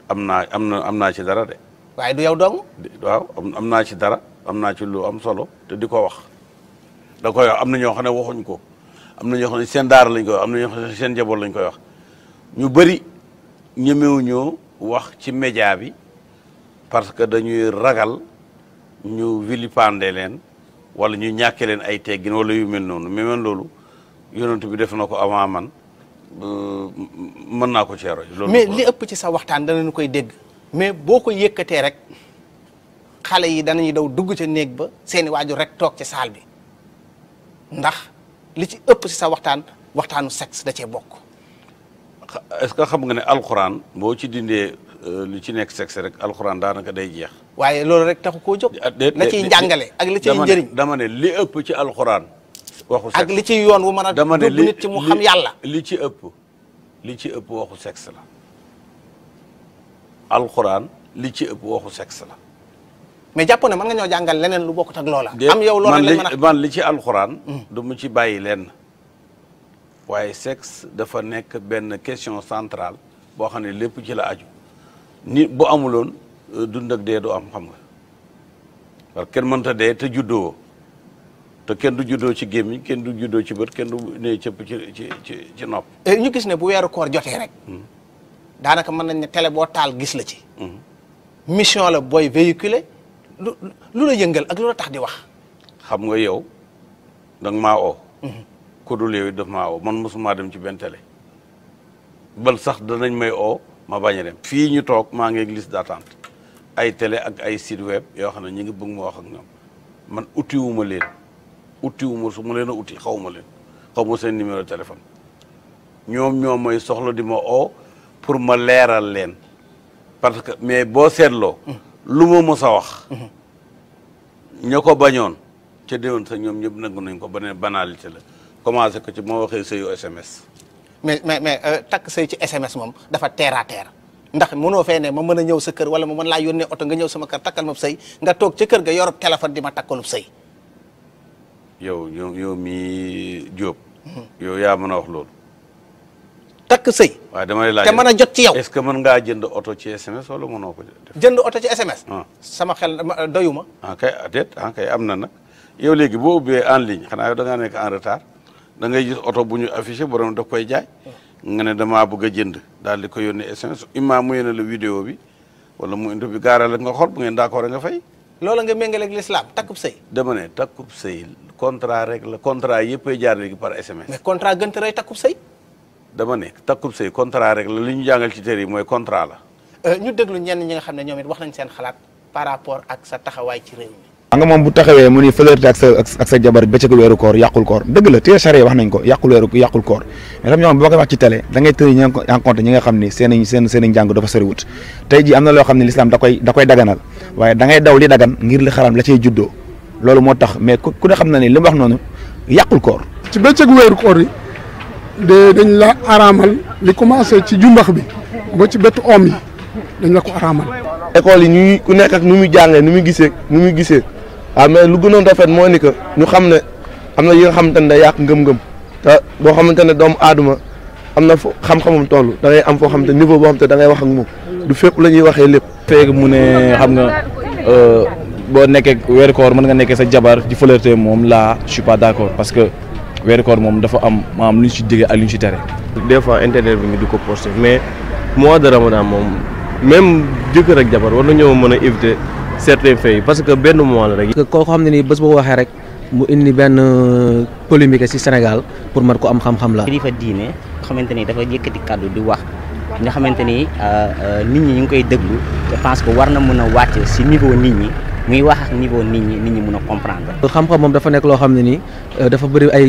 am naa am na am naa ci dara de waaye du yow dong. waaw am naa ci dara am naa ci lu am solo te di ko wax da koy wax am na ñoo xam ne waxuñ ko am na ñoo ne seen daar lañ koy wax am na ñoo xam ne seen lañ koy wax ñu bëri ñemewuñoo wax ci média bi parce que dañuy ragal ñu vilipender leen wala ñu ñàkke leen ay teggin wala yu mel noonu mais loolu yonent bi def na ko avant man euh, mën naa ko ceeroy loolu mais li ëpp ci sa waxtaan danañu koy dégg. mais boo ko yëkkatee rek xale yi danañu daw dugg ca néeg ba seeni waajur rek toog ci saal bi ndax li ci ëpp si sa waxtaan waxtaanu sexe da cee bokk. est-ce que xam nga ne alxuraan boo ci dindee euh, lu ci nekk sexe rek alxuraan daanaka day jeex. waaye loolu rek taxu koo jóg. la ah, ciy njàngale ak li ciy njëriñ. dama ne li ëpp ci alxuraan. waxu sexe ak li ci yoon wu mën a. dama ne nit ci mu xam yàlla. li ci ëpp li ci ëpp waxu sexe la. alxuraan li ci ëpp waxu sexe la. mais jàpp na mën nga ñoo jàngal leneen lu bokkut ak loola. am yow loola lañ mën a man li ci alxuraan. Hmm. du mu ci bàyyi lenn. waaye sexe dafa nekk benn question centrale boo xam ne lépp ci la aju ni bu amuloon euh, dund ak dee du am xam nga parce que kenn mënta dee te juddoo te kenn du juddoo ci gémmiñ kenn du juddoo ci bët kenn du nee cëpp ci ci ci nopp. Eh, ñu gis ne bu weeru koor jotee rek. Hmm. daanaka mën nañ ne télé boo taal gis la ci. mission la booy véhiculer lu la yëngal ak lu la tax di wax. xam nga yow danga maa oo. Mhm. ku dul yow daf maa oo man mosuma dem ci benn télé. bal sax danañ may oo ma bañ a dem fii ñu toog maa ngi liste d'attente ay télé ak ay site web yoo xam ne ñu ngi bëgg ma wax ak ñoom man utiwuma leen utiwuma su ma leen a uti xaw ma leen xaw seen numéro téléphone ñoom ñoom mooy soxla di ma oo. pour ma leeral leen parce que mais boo seetloo. lu ma mës a wax. ña ko bañoon ca déwén sa ñoom ñëpp nangu nañ ko ba ne banalité la commencé ko ci moo waxee sëyu SMS. mais mais mais euh, takk sëy ci SMS moom dafa terre teer ndax mënoo feenee ne ma mën a ñëw sa kër wala ma mën laa yónnee oto nga ñëw sama kër takkal ma sëy nga toog ca kër ga yorub téléphone di ma takkalub sëy. yow yow yow mii Diop. Mm-hmm. yow yaa mën a wax loolu. takk sëy. waaw damay laaj te a jot ci yow. est-ce que ngaa jënd oto ci SMS wala mënoo ko def. jënd oto ci SMS. Ah. sama xel doyuma. ah kay ah, déet ah am na nag yow léegi boo ubbee en ligne xanaa yow da ngaa nekk en retard da ngay gis oto bu ñu affiché borom da koy jaay. nga ne damaa bëgg jënd daal di ko yónnee SMS imam mu yónnee la vidéo bi wala mu indi bi gaaral nga xool bu ngeen d'accord nga fay. loola nga méngale ak l'islam takkub sëy. dama ne takkub sëy contrat rek la contrat yëppay jaar léegi par SMS. mais contrat gënt rey takkub dama ne takkub sëy contrat rek la ñu jàngal ci téere mooy contrat la. Euh, ñu déglu ñenn ñi nga xam ne ñoom it wax nañ seen xalaat par rapport ak sa taxawaay ci réew mi. nga moom bu taxawee mu ni flirté ak sa ak sa jabar bëccëgu weeru koor yàqul koor dëgg la téere charia wax nañ ko yàqul koor mais tam am na loo xam ne l'islam da daganal waaye da daw li dagan ngir li xaram la cay juddoo loolu moo tax mais ku ne xam na ne li mu wax noonu yàqul koor de dañ la araamal li commencé ci jumbax bi ba ci bettu oom yi dañ la ko araamal. école yi ñuy ku nekk ak nu muy jàngee nu muy gisee nu muy gisee waaw mais lu gënoon rafet moo ni que ñu xam ne am na yi nga xamante ne day ngëm-ngëm boo xamante ne doomu aaduma am na fo xam-xamam toll da am foo xam te niveau boo xam te da ngay wax ak moom du fépp la ñuy waxee lépp. feeg mu ne xam nga euh, boo nekkee weeru koor mën nga nekkee sa jabar ji flirter moom laa je suis d'accord parce que. weeru koor moom dafa am maanaam lu ñu si diggee ak lu ñu si tere. des fois internet bi ñu di ko posté mais mois de ramadan moom même jëkkër rek jabar war na nañoo mën a éviter certains faits yi parce que benn mois la rek. koo xam ne nii bés boo waxee rek mu indi benn polémique ci Sénégal pour man ko am xam-xam la. fa diine xamante ni dafa yëkkati kàddu di wax. nga xamante ni euh, euh, nit ñi ñu ngi koy déglu je pense war na mën a wàcce si niveau nit ñi. muy wax ak niveau nit ñi mun a comprendre. xam-xam moom dafa nekk loo xam ne nii euh, dafa bëri ay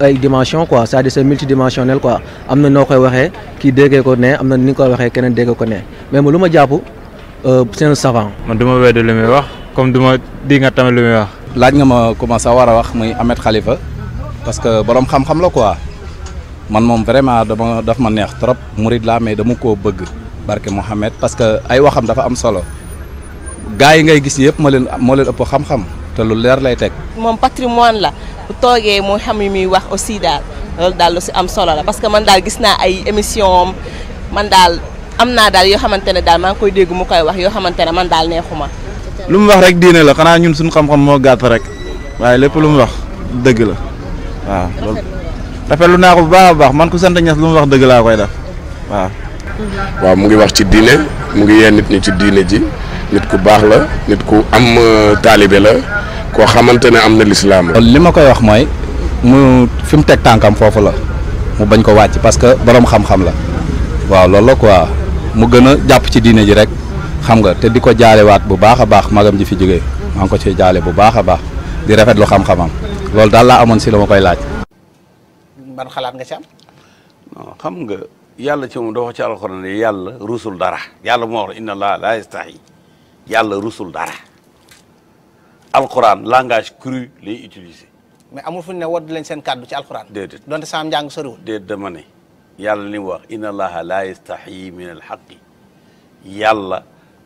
ay dimension quoi c'est-à-dire c'est multidimensionnel quoi am na noo koy waxee kii déggee ko nee am na ni nga koy waxee keneen déggee ko ne mais lu ma jàpp euh, c'est un savant. man du ma wedd lu muy wax comme du ma di nga tamit lu muy wax. laaj nga ma commencé war a wax muy Ahmed xalifa parce que borom xam-xam la quoi man moom vraiment dama daf ma neex trop murid laa mais dama koo bëgg barke Mouhamed parce que ay waxam dafa am solo. gaa yi ngay gis yëpp ma leen moo leen ëpp xam-xam te lu leer lay teg. moom patrimoine la bu toogee mu xam yu muy wax aussi daal loolu daal lu si am solo la parce que man daal gis naa ay émission man daal am naa daal yoo xamante ne daal maa ngi koy dégg mu koy wax yoo xamante ne man daal neexuma. lu mu wax rek diine la xanaa ñun suñu xam-xam moo gàtt rek waaye lépp lu mu wax dëgg la waaw. loolu rafetlu naa ko bu baax a baax man ku sant ñas lu mu wax dëgg laa koy def waaw. mu ngi wax ci diine mu ngi yee nit ñi ci diine nit ku baax la nit ku am euh, taalibe la koo xamante ne am na lislaam la. li ma koy wax mooy mu fi mu teg tànkam foofu la mu bañ ko wàcc parce que borom xam-xam la waaw loolu la quoi mu gën a jàpp ci diine ji rek xam nga te di ko waat bu baax a baax magam ji fi jógee maa ngi ko ciy jaale bu baax a baax di rafet lu xam-xamam loolu daal laa amoon si la ma koy laaj. ban xalaat nga ci xam nga yàlla ci moom dafa ci alxuraan yàlla ruusul dara yàlla moo wax inna allah la yastahi yàlla rusul dara alxuraan langage cru lay utiliser. mais amul fu ne wadd leen seen kàddu ci alxuraan. déedéet donte sama njàng soriwul. déedéet dama yàlla li wax inna allaha la yastahi min al xaqi yàlla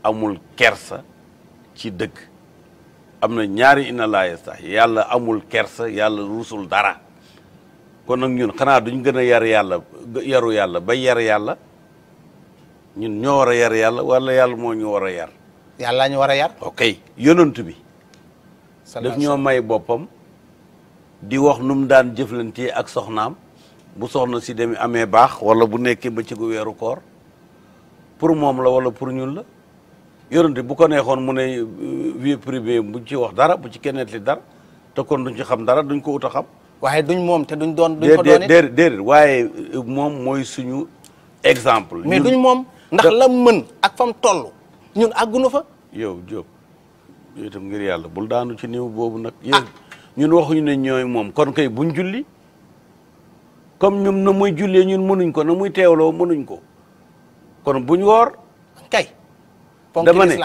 amul kersa ci dëkk am na ñaari inna allaha yastahi yàlla amul kersa yàlla rusul dara kon nag ñun xanaa duñ gën a yar yàlla yaru yàlla ba yar yàlla ñun ñoo war a yar yàlla wala yàlla moo ñu war a yar. yàlla ñu war a yar. ok yonent bi. daf ñoo may boppam di wax nu mu daan jëflantee ak soxnaam bu soxna si dem amee baax wala bu nekkee ba ci gu weeru koor pour moom la wala pour ñun la yonent bu ko neexoon mu ne euh, vie privée bu ci wax dara bu ci keneen li te kon duñ ci xam dara duñ ko ut a xam. waaye duñ moom te duñ doon. duñ ko waaye euh, moom mooy suñu exemple. mais duñ moom ndax la mën ak fam tollu ñun àggunu fa. yow Diop yow itam ngir yàlla bul daanu ci niw boobu nag. ñun waxuñu ne ñooy moom kon kay buñ julli comme ñun na muy jullee ñun mënuñ ko na muy teewloo mënuñ ko kon buñ woor. kay dama ne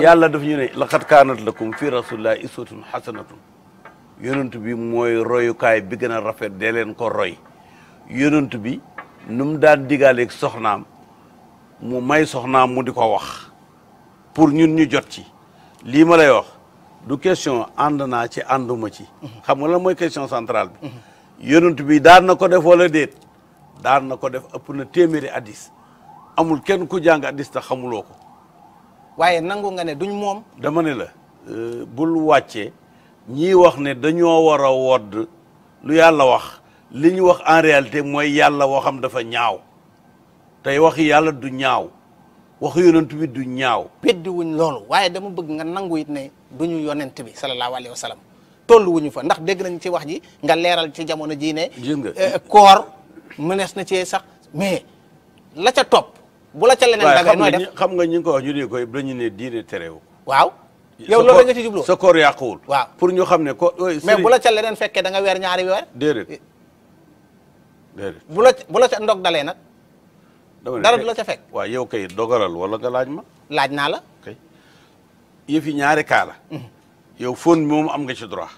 yàlla def ñu ne laqad kaanat lakum fi rasulillahi uswatun hasanatun yonent bi mooy royukaay bi gën rafet dee leen ko roy yonent bi nu mu daan digaaleeg soxnaam mu may soxnaam mu di ko wax. pour ñun ñu jot ci lii ma lay wax du question ànd naa ci ànduma ci xam nga lan mooy question centrale bi yonent bi daan na ko def wala déet daan na ko def ëpp na téeméeri addis amul kenn ku jàng addis ta xamuloo ko waaye nangu nga ne duñ moom dama ne la euh, bul wàccee ñii wax ne dañoo war a wodd lu yàlla wax li ñu wax en réalité mooy yàlla woo xam dafa ñaaw tey waxi yàlla du ñaaw waxu yonent bi du ñaaw peddi wuñ loolu waaye dama bëgg nga nangu it ne du ñu yonent bi sallallahu alayhi wa sallam wu ñu fa ndax dégg nañ ci wax ji nga leeral ci jamono jii ne euh, koor mënees na ci sax mais la top bu la ca leneen dagay nooy def xam nga ñu ngi ko wax ñu dee koy dañu ne diine terewu waaw yow loolu nga sa koor yàquwul waaw pour ñu xam ne ko mais bu la ca leneen fekkee da nga weer ñaari weer déedéet déedéet bu la bu la ndog dalee nag dara du la ca fekk. waaw yow kay dogalal wala nga laaj ma. laaj naa la. kay yëf ñaari kaa la. Mhm. yow fóon bi moom am nga ci droit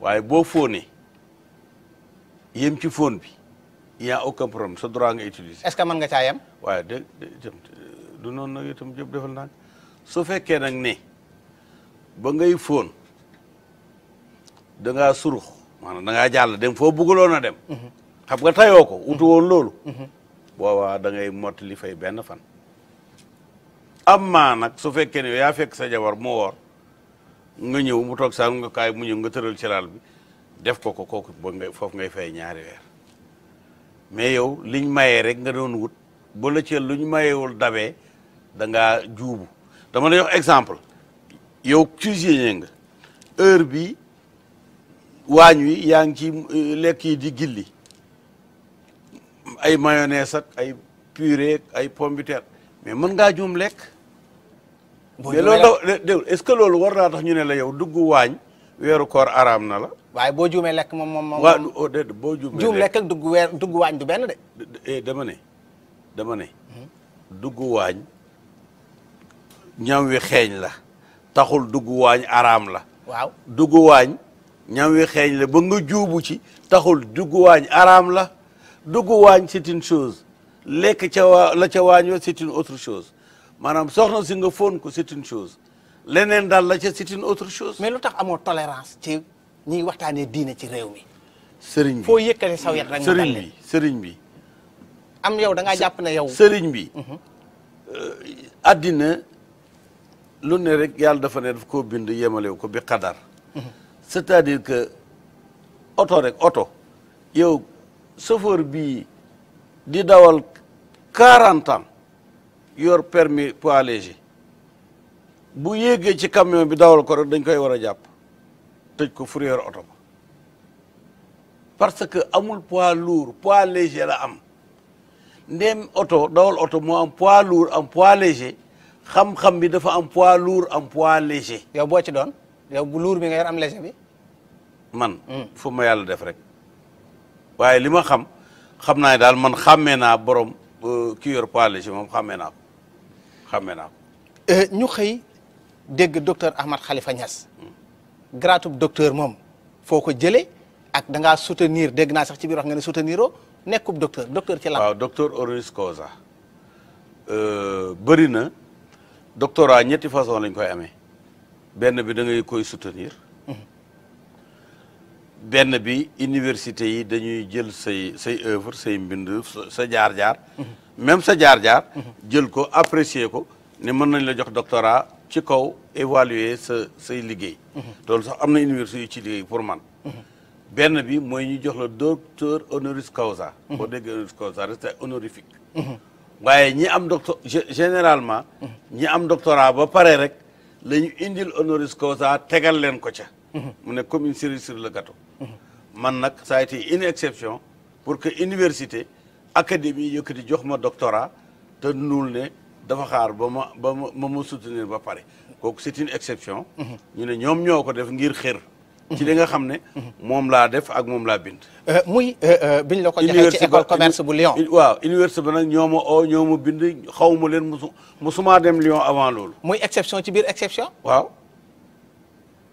waaye boo fóonee yem ci fóon bi y' a aucun problème sa droit nga utiliser. est-ce que mën nga caa yem. waaye de du noonu nag itam jëpp defal naa su fekkee nag ne ba ngay fóon da ngaa surux maanaam da ngaa jàll dem foo bëgguloon a dem. Mhm. ko utu woon loolu. Mhm. waawaa da ngay mott fay benn fan amma nag su fekkee ne yaa fekk sa jabar mu woor nga ñëw mu toog saa nga kaay mu ñëw nga tëral ci bi def ko ko kooku ba ngay foofu ngay fay ñaari weer mais yow liñ mayee rek nga doon wut ba la ci luñ mayewul dabee dangaa juubu dama lay jox exemple yow cuisinier nga heure bi waañ wi yaa ngi ci euh, lekk yi di gilli ay mayonnaise ak ay purée ak ay pomme de terre mais mën ngaa juum lekk. mais loolu da dégg est-ce que loolu war naa tax ñu ne la yow dugg waañ weeru koor araam na la. waaye boo juumee lekk moom moom moom. waaw oh, déedéet boo juumee juum lekk ak dugg weer dugg waañ du benn de. Eh, dama ne dama ne. Hmm? dugg waañ ñam wi xeeñ la taxul dugg waañ araam la. waaw dugg waañ ñam wi xeeñ la ba nga juubu ci taxul dugg waañ araam la. dugg waañ c' est une ca waa la ca waañoo c' est une maanaam soxna si nga foon ko c' est une chose leneen daal la ca c' est une autre chose. ci ñiy mi. sëriñ bi foo yëkkale saw yat rek sëriñ bi bi. am yow da ngaa na ne yow. bi. addina mhm. euh, lu ne rek yàlla dafa ne daf koo bind yemalew ko bi xadar. Mhm. c' est à dire que oto rek oto yow. chauffeur bi di dawal quarante ans yor permis poids léger bu yéegee ci camion bi dawal ko rek dañ koy war a jàpp tëj ko fourrière oto parce que amul pois lourd poids léger la am ndéem oto dawal oto moo am pois lourd am poids léger xam-xam bi dafa am poids lourd am poids léger. yow boo ci doon yow bu luur bi nga yor am léger man. Hmm. fu ma yàlla def rek. waaye li ma xam xam naa daal man xàmmee naa borom euh, ki yor poids léger moom xàmmee naa ko naa euh, ñu xëy dégg docteur Ahmad Khalifa Niass. bu docteur moom foo ko jëlee ak da ngaa soutenir dégg naa sax ci biir wax nga ne soutenir oo nekkub docteur docteur ci la. waaw docteur honoris causa euh, bëri na doctorat ñetti façon lañ koy amee benn bi da ngay koy soutenir. benn bi université yi dañuy jël say say œuvre say mbind sa jaar-jaar mhm. même sa jaar-jaar jël ko apprécier ko ne mën nañ la jox doctorat ci kaw évaluer sa say liggéey mhm. loolu sax am na université yu ci liggéey pour man mhm. benn bi mooy ñu jox la docteur honoris causa boo déggee honoris causa reste honorifique waaye ñi am docteur ñi am doctorat ba pare rek lañu ñu indil honoris causa tegal leen ko ca mu ne comme une cerise sur le gato man nag ça a été une exception pour que université académie yëkkati jox ma doctorat te nul ne dafa xaar ba ma ba ma ma soutenir ba pare kooku c'est une exception mhm. ñu ne ñoom ñoo ko def ngir xër ci li nga xam ne mhm. Mhm. moom laa def ak moom laa bind euh, muy euh, euh, biñ la ko joxee ci école commerce bu Lyon waaw université ba nag ñoo ma oo ñoo ma bind xaw ma leen musu musumaa dem Lyon avant loolu muy exception ci biir exception waaw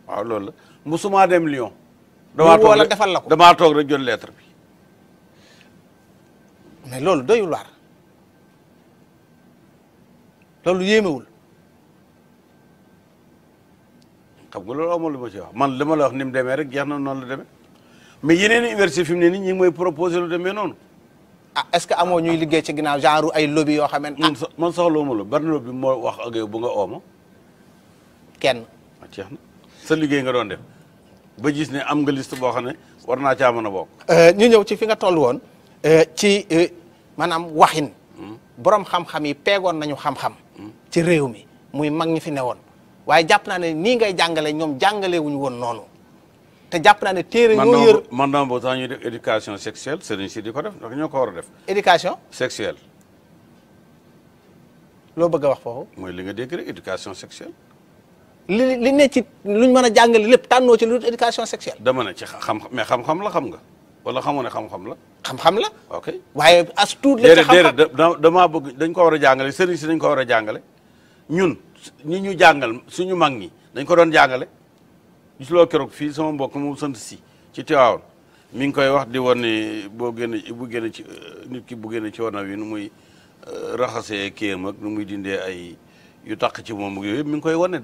waaw loolu la musumaa dem Lyon damaa toog wala defal la ko damaa toog rek jot lettre bi. mais loolu doyul waar loolu yéemewul. xam nga loolu amul lu ma ci wax man li ma la wax ni mu demee rek jeex na noonu la demee mais yeneen université fi mu ne ni ñu mooy proposé lu demee noonu. a ah, est-ce que amoo ñuy liggéey ci ginnaaw genre ay lobby yoo xam ne. man ah. man soxla wu ma la benn moo wax ak yow bu nga ooma. kenn. Ah, jeex na sa liggéey nga doon dem ba gis ne am nga liste boo xam ne war naa caa mën a bokk. Euh, ñu ñëw ci fi nga toll woon euh, ci euh, maanaam waxin. Hmm. borom xam-xam yi peegoon nañu xam-xam. Hmm. ci réew mi muy mag ñi fi newoon waaye jàpp naa ne nii ngay jàngale ñoom jàngale woon noonu. te jàpp naa ne téere ñoo yër man boo tax ñuy def éducation di ko def ndax ñoo ko war a def. éducation sexuelle. loo bëgg a wax foofu. mooy li nga dégg rek éducation sexuelle. li li ne ci luñ mën a jàngale lépp tànnoo ci lu éducation sexuelle. dama ne ci xam mais xam la xam nga wala xamoo ne xam-xam la. xam-xam la. ok waaye as tuut la. ci xam damaa bëgg dañ ko war a jàngale sëriñ si dañ ko war a jàngale ñun ñi ñu jàngal suñu mag ñi dañ ko doon jàngale. gis loo keroog fii sama mbokk mu sant si ci Tiwaawan mi ngi koy wax di wan ne boo génne bu génne ci nit ki bu génne ci wana wi nu muy euh, raxasee kéem ak nu muy dindee ay. yu taq ci moom yooyu mi ngi koy wane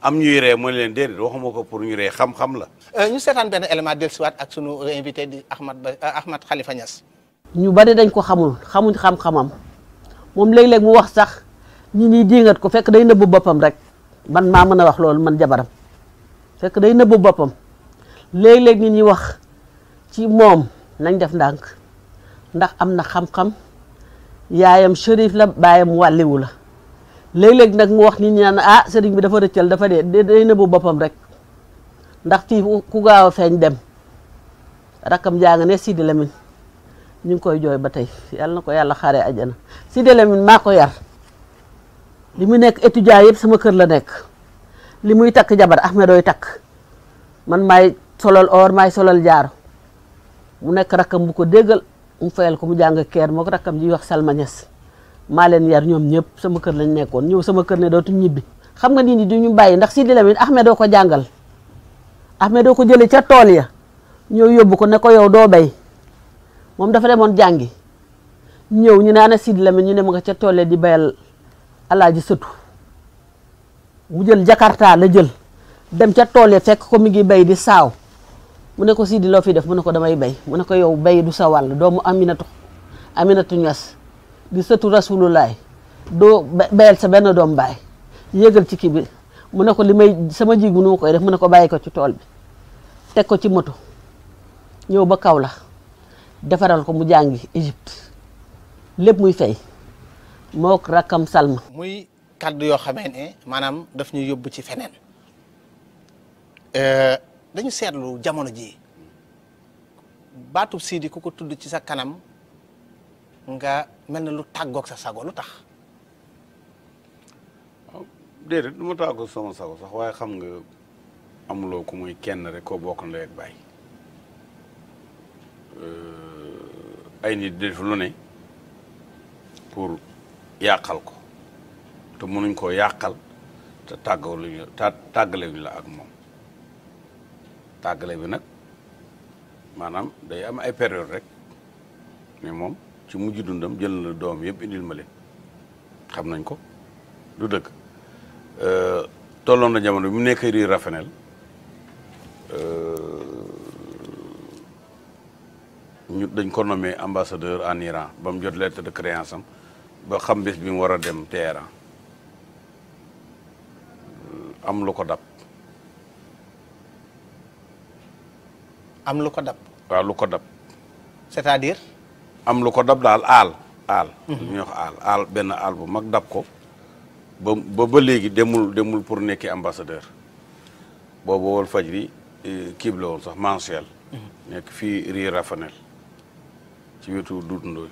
am ñuy ree mooy leen wax waxuma ko pour ñu ree xam-xam la. Euh, ñu seetaan benn élément dellusiwaat ak sunu invité di Ahmad Ba euh, Ahmad Khalifa Niass. ñu bari dañ ko xamul xamuñ xam-xamam moom léeg-léeg mu wax sax ñi ñuy diingat ko fekk day nëbbu boppam rek man maa mën a wax loolu man jabaram fekk day nëbbu boppam léeg-léeg ñi ñuy wax ci moom nañ def ndànk ndax am na xam-xam yaayam shérif la baayam wàlliwu la. léeg-léeg nag mu wax nii ñi naan ah sëriñ bi dafa rëccal dafa dee day nëbbu boppam rek ndax fii ku gaaw a feeñ dem rakkam jaa nga ne Sidi Lamine ñu ngi koy jooy ba tey yàlla na ko yàlla xaaree àjjana Sidi Lamine maa ko yar li mu nekk étudiant yëpp sama kër la nekk li muy takk jabar Ahmedoy takk man maay solol or may solal jaar mu nekk rakkam bu ko déggal mu fayal ko mu jàng keer mook rakkam ji wax salmañes maa leen yar ñoom ñëpp sama kër lañ nekkoon ñëw sama kër ne dootuñ ñibbi xam nga nit ñi ñu bàyyi ndax Sidi Lamine Ahmed doo ko jàngal Ahmed doo ko jëlee ca tool ya ñëw yóbbu ko ne ko yow doo bay moom dafa demoon jàngi ñëw ñu naan Sidi Lamine ñu ne ma ca tool ya di bayal alaaji sëtu mu jël jakarta la jël dem ca tool ya fekk ko mi ngi bay di saaw mu ne ko Sidi loo fi def mu ne ko damay bay mu ne ko yow bay du sa wàll doomu Aminatu Aminatu Ñas di sëtu rasululaay doo bayal sa benn doom baay yëgal ci kii bi mu ne ko li may sama jigu nu ma koy def mu ne ko bàyyi ko ci tool bi teg ko ci moto ñëw ba kaw la defaral ko mu jàngi Égypte lépp muy fay mook rakkam salma muy kàddu yoo xamee ne maanaam daf ñu yóbbu ci feneen euh, dañu seetlu jamono ji baatub siidi ku ko tudd ci sa kanam nga mel na lu tàggoog sa sago lu tax. waaw oh, déedéet du ma tàggoog sama sago sax waaye xam nga amuloo ku muy kenn rek koo bokk na rek bàyyi ay nit def lu ne pour yàqal ko te nuñ koo yàqal te lu tàggawuñu tàggalewuñu la ak moom tàggale bi nag maanaam day am ay période rek mais moom. ci mujj dundam jël na doom yëpp indil ma leen xam nañ ko du dëgg euh, tolloon na jamono bi mu nekk riir Rafenel euh, ñu dañ ko nommé ambassadeur en Iran ba mu jot lettre de créance ba xam bés bi mu war a dem Téhéran euh, am lu ko dab. am lu ko dab. waaw lu ko dab. c'est-à-dire. am lu ko dab daal aal aal benn aal bu mag dab ko ba ba léegi demul demul pour nekki ambassadeur boobu Walfadjri eh, kii la woon sax mensuel nekk fii Rue Raffenel ci wetu Doudou Ndoye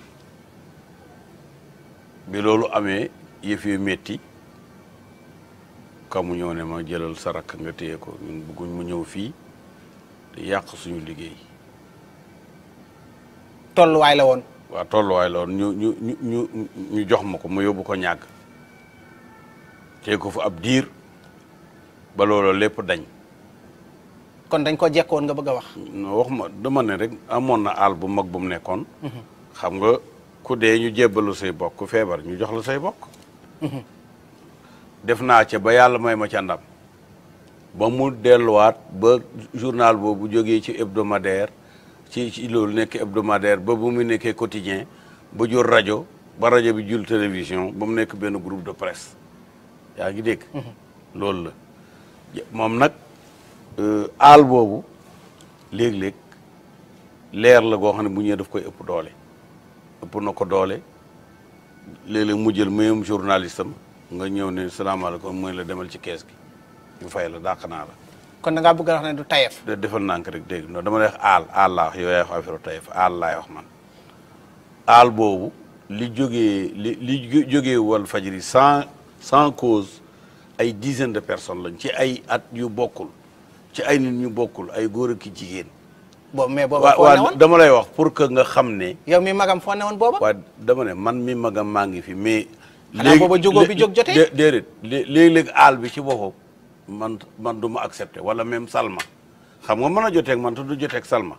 bi loolu amee yëf metti métti ka mu ñëw ne ma jëlal sa rakk nga téye ko bëgguñ mu ñëw fii yàq suñu liggéey tolluwaay la woon. waaw tolluwaay la ñu ñu ñu ñu ñu jox ma ko mu yóbbu ko ñàgg tey ko fa ab diir ba loolu lépp dañ. kon dañ ko jekkoon nga bëgg a wax. wax ma dama ne rek amoon na àll bu mag bu mu nekkoon. Mhm. xam nga ku dee ñu jébbalu say bokk ku feebar ñu jox la say bokk. Mhm. def naa ca ba yàlla may ma ca ba mu delluwaat ba journal boobu jógee ci hebdomadaire. ci ci loolu nekk hebdomadaire ba bu mu nekkee quotidien ba jur rajo ba rajo bi jul télévision ba mu nekk benn groupe de presse yaa ngi dégg. Mhm. loolu la moom nag euh, aal boobu léeg-léeg leer la goo xam ne bu ñëwee daf koy ëpp doole ëpp na ko doole léeg-léeg mu jël mayam journaliste am nga ñëw ne salaamaaleykum mooy la demal ci kees gi ñu fay la dàq la. kon da ngaa bëgg a wax ne du tayef. defal rek dégg nga dama lay wax aal aal laa wax yow yaa wax affaire aal laay wax man aal boobu li jógee li li jógee wal fajri cent sans cause ay dizaine de personnes lañ ci ay at yu bokkul ci ay nit ñu bokkul ay góor ak jigéen. boobu mais booba foo newoon dama lay wax pour que nga xam ne. yow mi magam foo newoon booba. waaw man mi magam maa ngi fi mais. léegi xanaa booba jógoo bi jóg jotee. déedéet léeg-léeg aal bi ci boppam. man man du ma accepté wala même Salma xam nga mën a joteeg man te du joteeg Salma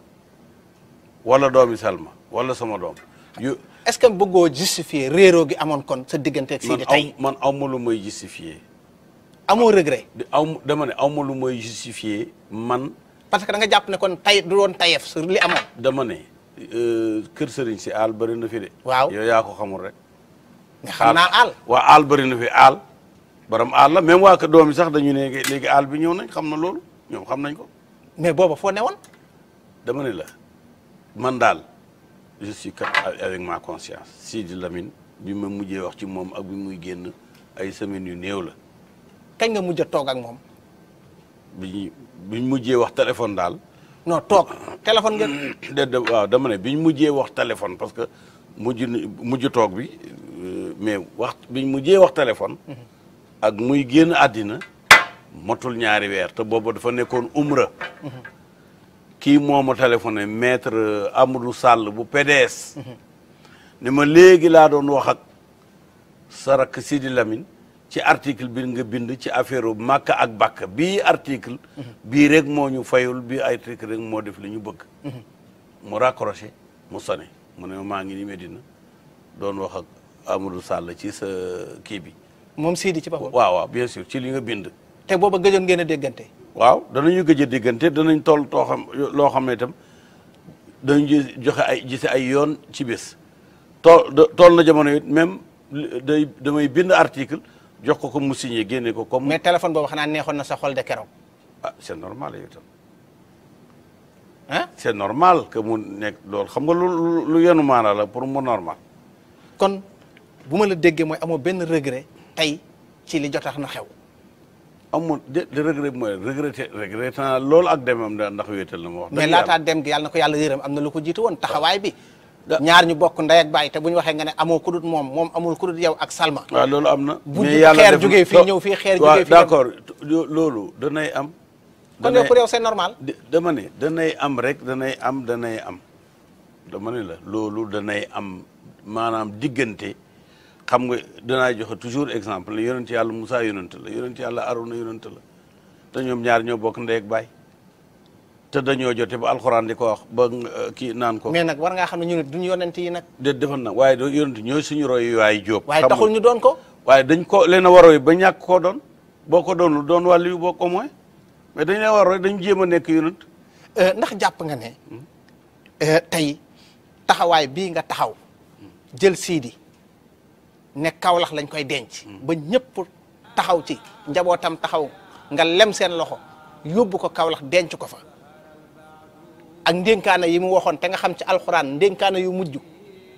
wala doomi Salma wala sama doom yu. est-ce que bëggoo justifier réeroo gi amoon kon sa diggante ak Sidi tey man aw ma lu justifier. amoo regret. aw dama aw ma lu man. parce que da nga jàpp ne kon tay du doon tayef sur li amoon. dama ne euh, kër sëriñ si aal bëri na fi de. waaw yow yaa ko xamul rek. nga xam aal waaw aal bëri na fi aal. borom àll la même waa ka doom yi sax dañu ne léegi àll bi ñëw nañ xam na loolu ñoom xam nañ ko. mais booba foo newoon. dama ne la man daal je suis avec ma conscience Sidi Lamine bi ma mujjee wax ci moom ak bi muy génn ay semaines yu néew la. kañ nga mujj toog ak moom. bi ñuy bi mujjee wax téléphone daal. noo toog téléphone nga. waaw dama ne bi ñu mujjee wax téléphone parce que mujj mujj toog bi euh, mais wax bi ñu mujjee wax téléphone. Mhm. ak muy génn àddina motul ñaari weer te booba dafa nekkoon umra kii moo ma téléphoné maître Amadou sàll bu PDS ni ma léegi laa doon wax ak sa rakk Sidi Lamine ci article bi nga bind ci affaire Makka ak Bakka bii article bii rek moo ñu fayul bii article rek moo def li ñu bëgg mu raccroché mu sone mu ne maa ngi ni Medina doon wax ak Amadou sàll ci sa kii bi moom Sidi ci boppam. waaw waaw bien sûr ci li nga bind. te booba gëjoon ngeen a déggante. waaw danañu gëj a déggante danañ tol too xam loo xam ne itam danañu joxe ay gise ay yoon ci bés. tool tool na jamono it même day damay bind article jox ko ko mu signé génne ko kom mais téléphone boobu xanaa neexoon na sa xol de keroog. ah c' est normal yow itam. ah normal que mu nekk lool xam nga lu lu yenu maana la pour mu normal. kon bu ma la déggee mooy amoo benn regret. tey ci li jotax na xew. amul de de regret mooy regretté regretté naa loolu ak demam ndax wéetal na ma mais laataa dem gi yàlla ko yàlla yërëm am na lu ko jiitu woon taxawaay bi. ñaar ñu bokk ndey ak bu ñu waxee nga ne amoo kudut moom moom amul kudut yow ak Salma. waaw loolu am na. mais yàlla xeer jugee fii ñëw fii xeer jugee fii. d'accord loolu danay am. kon yow pour yow c'est normal. dama ne danay am rek danay am danay am dama ne la loolu danay am maanaam diggante. xam nga danaa joxe toujours exemple la yonent yàlla Moussa yonent la yonent yàlla Aruna yonent la te ñoom ñaar ñoo bokk ndey ak baay te dañoo jote ba alxuraan di ko wax ba euh, kii naan ko. mais nag war ngaa xam ne ñun duñu yonent yi nag. de defoon na waaye yonent ñooy suñu roy waaye jóob. waaye taxul ñu doon ko. waaye dañ ko leen a waroo ba ñàkk koo doon boo ko doonul doon wàllu yu boo ko mooy mais dañ leen waroo dañ jéem a nekk yonent. Euh, ndax jàpp nga ne. Hmm? Euh, tey taxawaay bii nga taxaw hmm. jël siidi. ne Kaolack lañ koy denc. ba ñëpp taxaw ci njabootam taxaw nga lem seen loxo yóbbu ko kawlax denc ko fa. ak ndénkaana yi mu waxoon te nga xam ci alxuraan ndénkaana yu mujj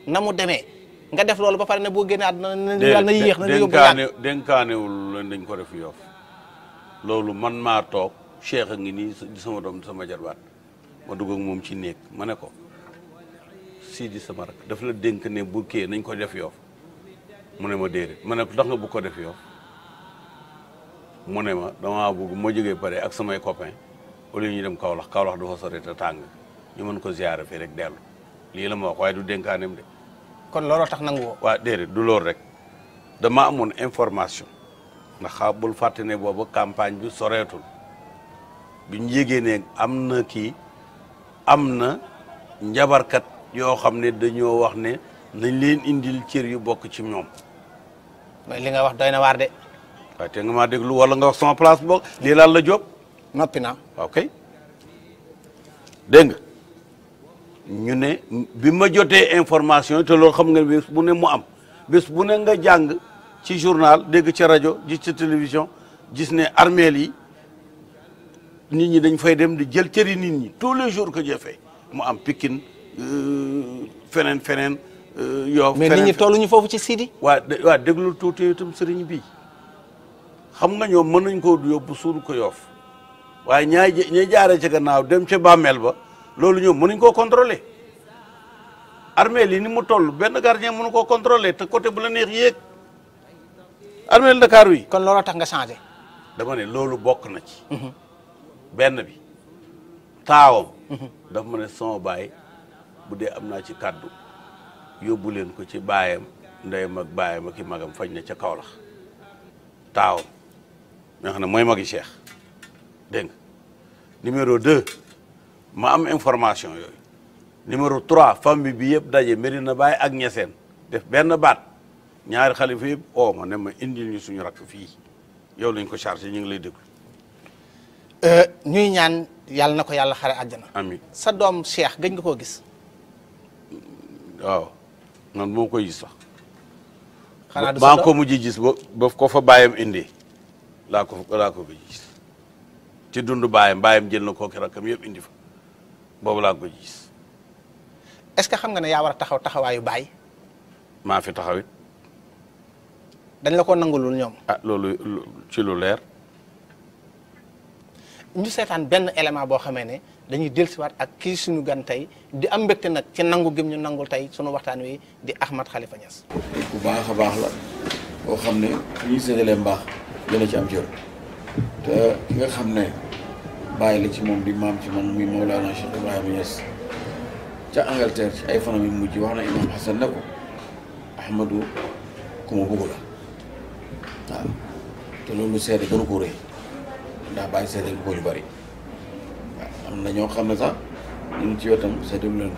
na mu demee nga def loolu ba pare ne boo génnee àdduna na yéex na yóbbu yaatu dénkaanewul leen dañ ko def yoof loolu man maa toog cheikh ngi nii sama doom sama jarbaat ma dugg moom ci néeg ma ne ko sii di sama rak daf la denk ne bu kee nañ ko def yoof mu ne ma déedéet ma ne ko tax nga ko def yow ne ma damaa bëgg ma jógee pare ak samay copain au lieu ñu dem kawlax du dafa sori te tàng ñu mën ko ziyaare fii rek dellu lii la moo wax waaye du dénkaaneem de. kon looloo tax nangu woo. waaw du loolu rek dama amoon information ndax xaw bul fàtte ne boobu campagne bu soreetul bi ñu yégee am na kii am na njabarkat yoo xam ne dañoo wax ne nañ leen indil cër yu bokk ci ñoom. li nga wax doy na waar de. waaw te nga maa déglu wala nga wax sama place boog lii laal la Diop. noppi naa waaw kay. dégg nga ñu ne bi ma jotee information yi te loolu xam nga bés bu ne mu am bés bu ne nga jàng ci journal dégg ci rajo gis ci télévision gis ne armeel yi nit ñi dañ fay dem di jël cëri nit ñi tous les jours que j'ai fait mu am Pikine euh, feneen feneen. Euh, yoo mais nit ñi foofu ci Sidi. waa waa déglu tuuti itam sëriñ bi xam nga ñoom mën nañ koo yóbbu suul ko yoof waaye ñaay ñay jaaree ca gannaaw dem ca bàmmeel ba loolu ñoo ñoom mënuñ koo contrôler armée yi ni mu toll benn gardien mënu koo contrôler te côté bu la neex yéeg armée Dakar wi. kon looloo tax nga changé. dama loolu bokk na ci. Mhm. benn bi taawam. Mhm. daf ma ne sama bu dee am naa ci kàddu. yóbbu leen ko ci baayam ndeyam ak baayam ak magam fañ ne ca kawlax taaw nga xam ne mooy magi Cheikh dégg nga numéro 2 ma am information yooyu numéro 3 famille bi yëpp daje na baay ak Niassène def benn baat ñaari xalifa yëpp oo ma ne ma indil ñu suñu rakk fii yow lañ ko chargé ñu ngi lay déglu. Euh, ñuy ñaan yàlla na ko yàlla xare àjjana. amiin sa doom Cheikh gëj nga koo gis. waaw. man moo koy gis sax. xanaa mujj gis ba ba ko fa bàyyam indi laa ko laa ko gis ci jël na kooki rakkam yëpp indi fa boobu laa ko gis. est-ce que xam nga ne yaa war a taxaw taxawaayu baay. maa fi taxawit dañ la ko nangulul ñoom. ah loolu ci lu leer. ñu seetaan benn élément boo xamee ne. dañuy dellusiwaat ak kii suñu gan tey di am mbégte nag ci nangu gëm ñu nangul tey sunu waxtaan wi di Ahmed xalifa Niass. bu baax a baax la boo xam ne ñuy séddalee mbaax dina ci am cër te ki nga xam ne bàyyi la ci moom di maam ci man muy Mawlana Cheikh Ibrahima Niass ca Angleterre ci ay fanam yu mujj wax na Imam Hassan ne ko ku ma bëgg la waaw te loolu seede gënu ko rëy ndax bàyyi seede ko ñu bari. am na ñoo xam ne sax ñu ci wetam séddale leen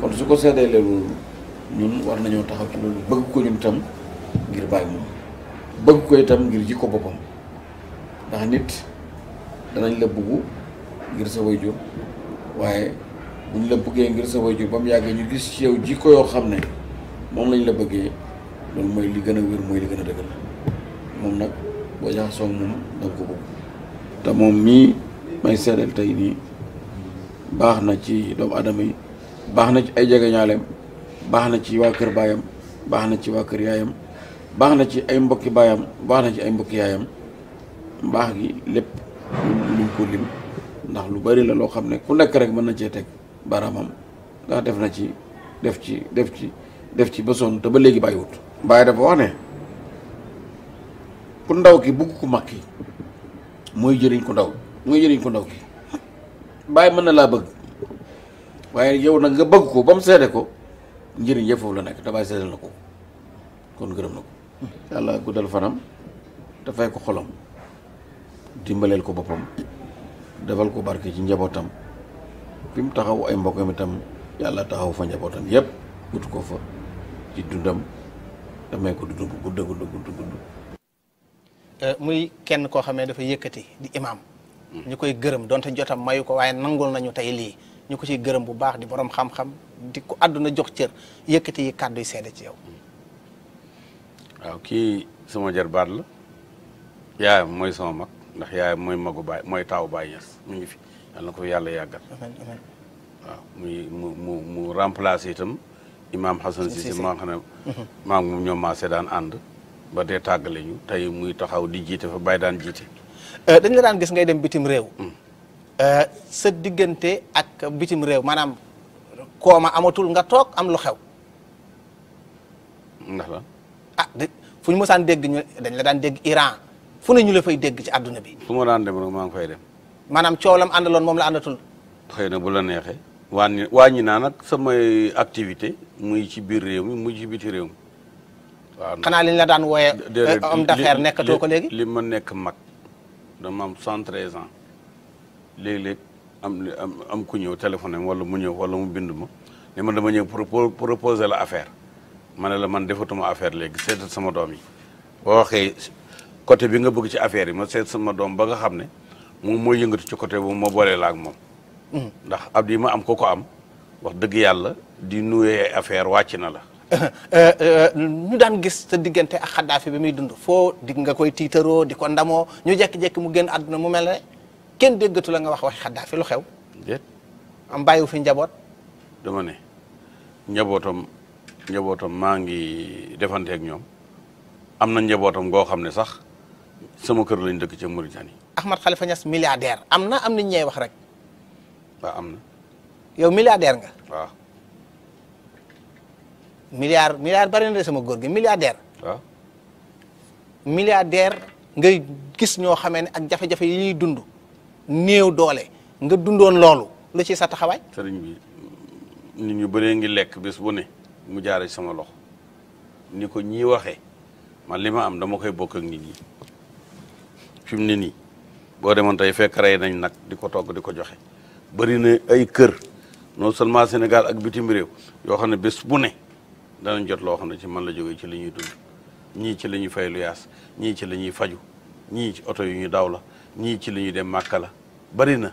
kon su ko séddalee loolu ñun war nañoo taxaw ci loolu bëgg ko ñun tam ngir bàyyi moom bëgg ko itam ngir jikko boppam ndax nit danañ la bëggu ngir sa wayjur waaye buñ la bëggee ngir sa wayjur ba mu yàggee ñu gis ci yow jikko yoo xam ne moom lañ la bëggee loolu mooy li gën a wér mooy li gën a dëggal moom nag boo jaxasoo moom da ko bëgg te moom mii may seedeel tey nii. baax na ci doomu aadama yi baax na ci ay jegeñaaleem baax na ci waa kër baayam baax na ci waa kër yaayam baax na ci ay mbokki baayam baax na ci ay mbokki yaayam mbaax gi lépp lu ko lim ndax lu bari la loo xam ne ku nekk rek mën na cee teg baaraamam ndax def na ci def ci def ci def ci ba sonn te ba léegi bàyyiwut bàyyi dafa wax ne ku ndaw ki bugg ku mag ki mooy jëriñ ku ndaw mooy jëriñ ku ndaw ki bàyyi mën na laa bëgg waaye yow nag nga bëgg ko ba mu seede ko njëriñ yëpp foofu la nekk te bàyyi seedal na ko kon gërëm na ko yàlla guddal fanam te fay ko xolam dimbaleel ko boppam defal ko barke ci njabootam fi mu taxaw ay mbokkam itam yàlla taxaw fa njabootam yëpp gutu ko fa ci dundam damay ko dund bu gudd gudd gudd euh, muy kenn koo xamee dafa yëkkati di imaam ñu koy gërëm donte jotam mayu ko waaye nangul nañu tey lii ñu ko ciy gërëm bu baax di boroom xam-xam di ko àdduna jox cër yëkkati yi kàddu yi seede ci yow. waaw kii sama jarbaat la yaayam mooy sama mag ndax yaayam mooy magu baay mooy taawu baay Ñas mu ngi fi ko yàlla yàggal. muy mu mu mu remplacer itam imaam Xasan Cissé maa xam ne. Mhm. maa ngi moom ñoom daan ànd ba dee tàgg ñu tey muy taxaw di jiite fa bay daan jiite. Euh, dañ la daan gis ngay dem bitim réew. Mm. Euh, sa diggante ak bitim réew maanaam kooma amatul nga toog am lu xew. ndax la ah fu ñu mosaan dégg ñu dañ la daan dégg Iran fu ne la fay dégg ci àdduna bi. fu ma daan dem rek maa ngi fay dem. maanaam coow la àndaloon moom la àndatul. xëy na bula la neexee. wàññi wàññi naa nag samay activité muy ci biir réew mi muy ci biti réew mi. waaw xanaa li la daan woye homme d'affaires nekkatoo ko léegi. li ma nekk mag. dama am cent treize ans léeg-léeg am am ku ñëw téléphoné wala mu ñëw wala mu bind ma ne ma dama ñëw pour proposer la affaire ma ne la man defatuma affaire léegi seetal sama doom yi boo waxee côté bi nga bëgg ci affaire yi ma seet sama doom ba nga xam ne moom mooy yëngatu ci côté boobu ma boolee la moom mm. ndax ab di ma am ko ko am wax dëgg yàlla di nuyee affaire wàcc na la Euh, euh, ñu daan gis sa diggante a xaddaafi bi muy dund foo dig nga koy tiitaroo di ko ndamoo ñu jekki-jekki mu génn àdduna mu mel ne kenn déggatu la nga wax waxi xaddaafi lu xew déet am fi njaboot dama ne njabootam njabootam maa ngi defanteeg ñoom am na njabootam goo xam ne sax sama kër lañ dëkk ca Mauritanie Ahmad Khalifa Niass milliardaire am na am na ñey wax rek waaw am na yow milliardaire nga milliard milliard bari na sama góor gi milliardaire. waaw milliardaire ngay gis ñoo xamee ne ak jafe-jafe yi ñuy dund néew doole nga dundoon loolu lu ci sa taxawaay. sëriñ bi nit ñu bëree ngi lekk bés bu ne mu jaare sama loxo ni ko ñii waxee man li ma am dama koy bokk nit ñi fi mu ne nii boo demoon tey fekk rey nañ nag di ko togg di ko joxe bëri na ay kër non seulement Sénégal ak bitim réew yoo xam ne bés bu ne. danañ jot loo xam ne ci man la jógee ci li ñuy dund ñii ci la ñuy fay lu yaas ñii ci la ñuy faju ñii ci oto yu ñu daw la ñii ci li ñuy dem màkka la bari na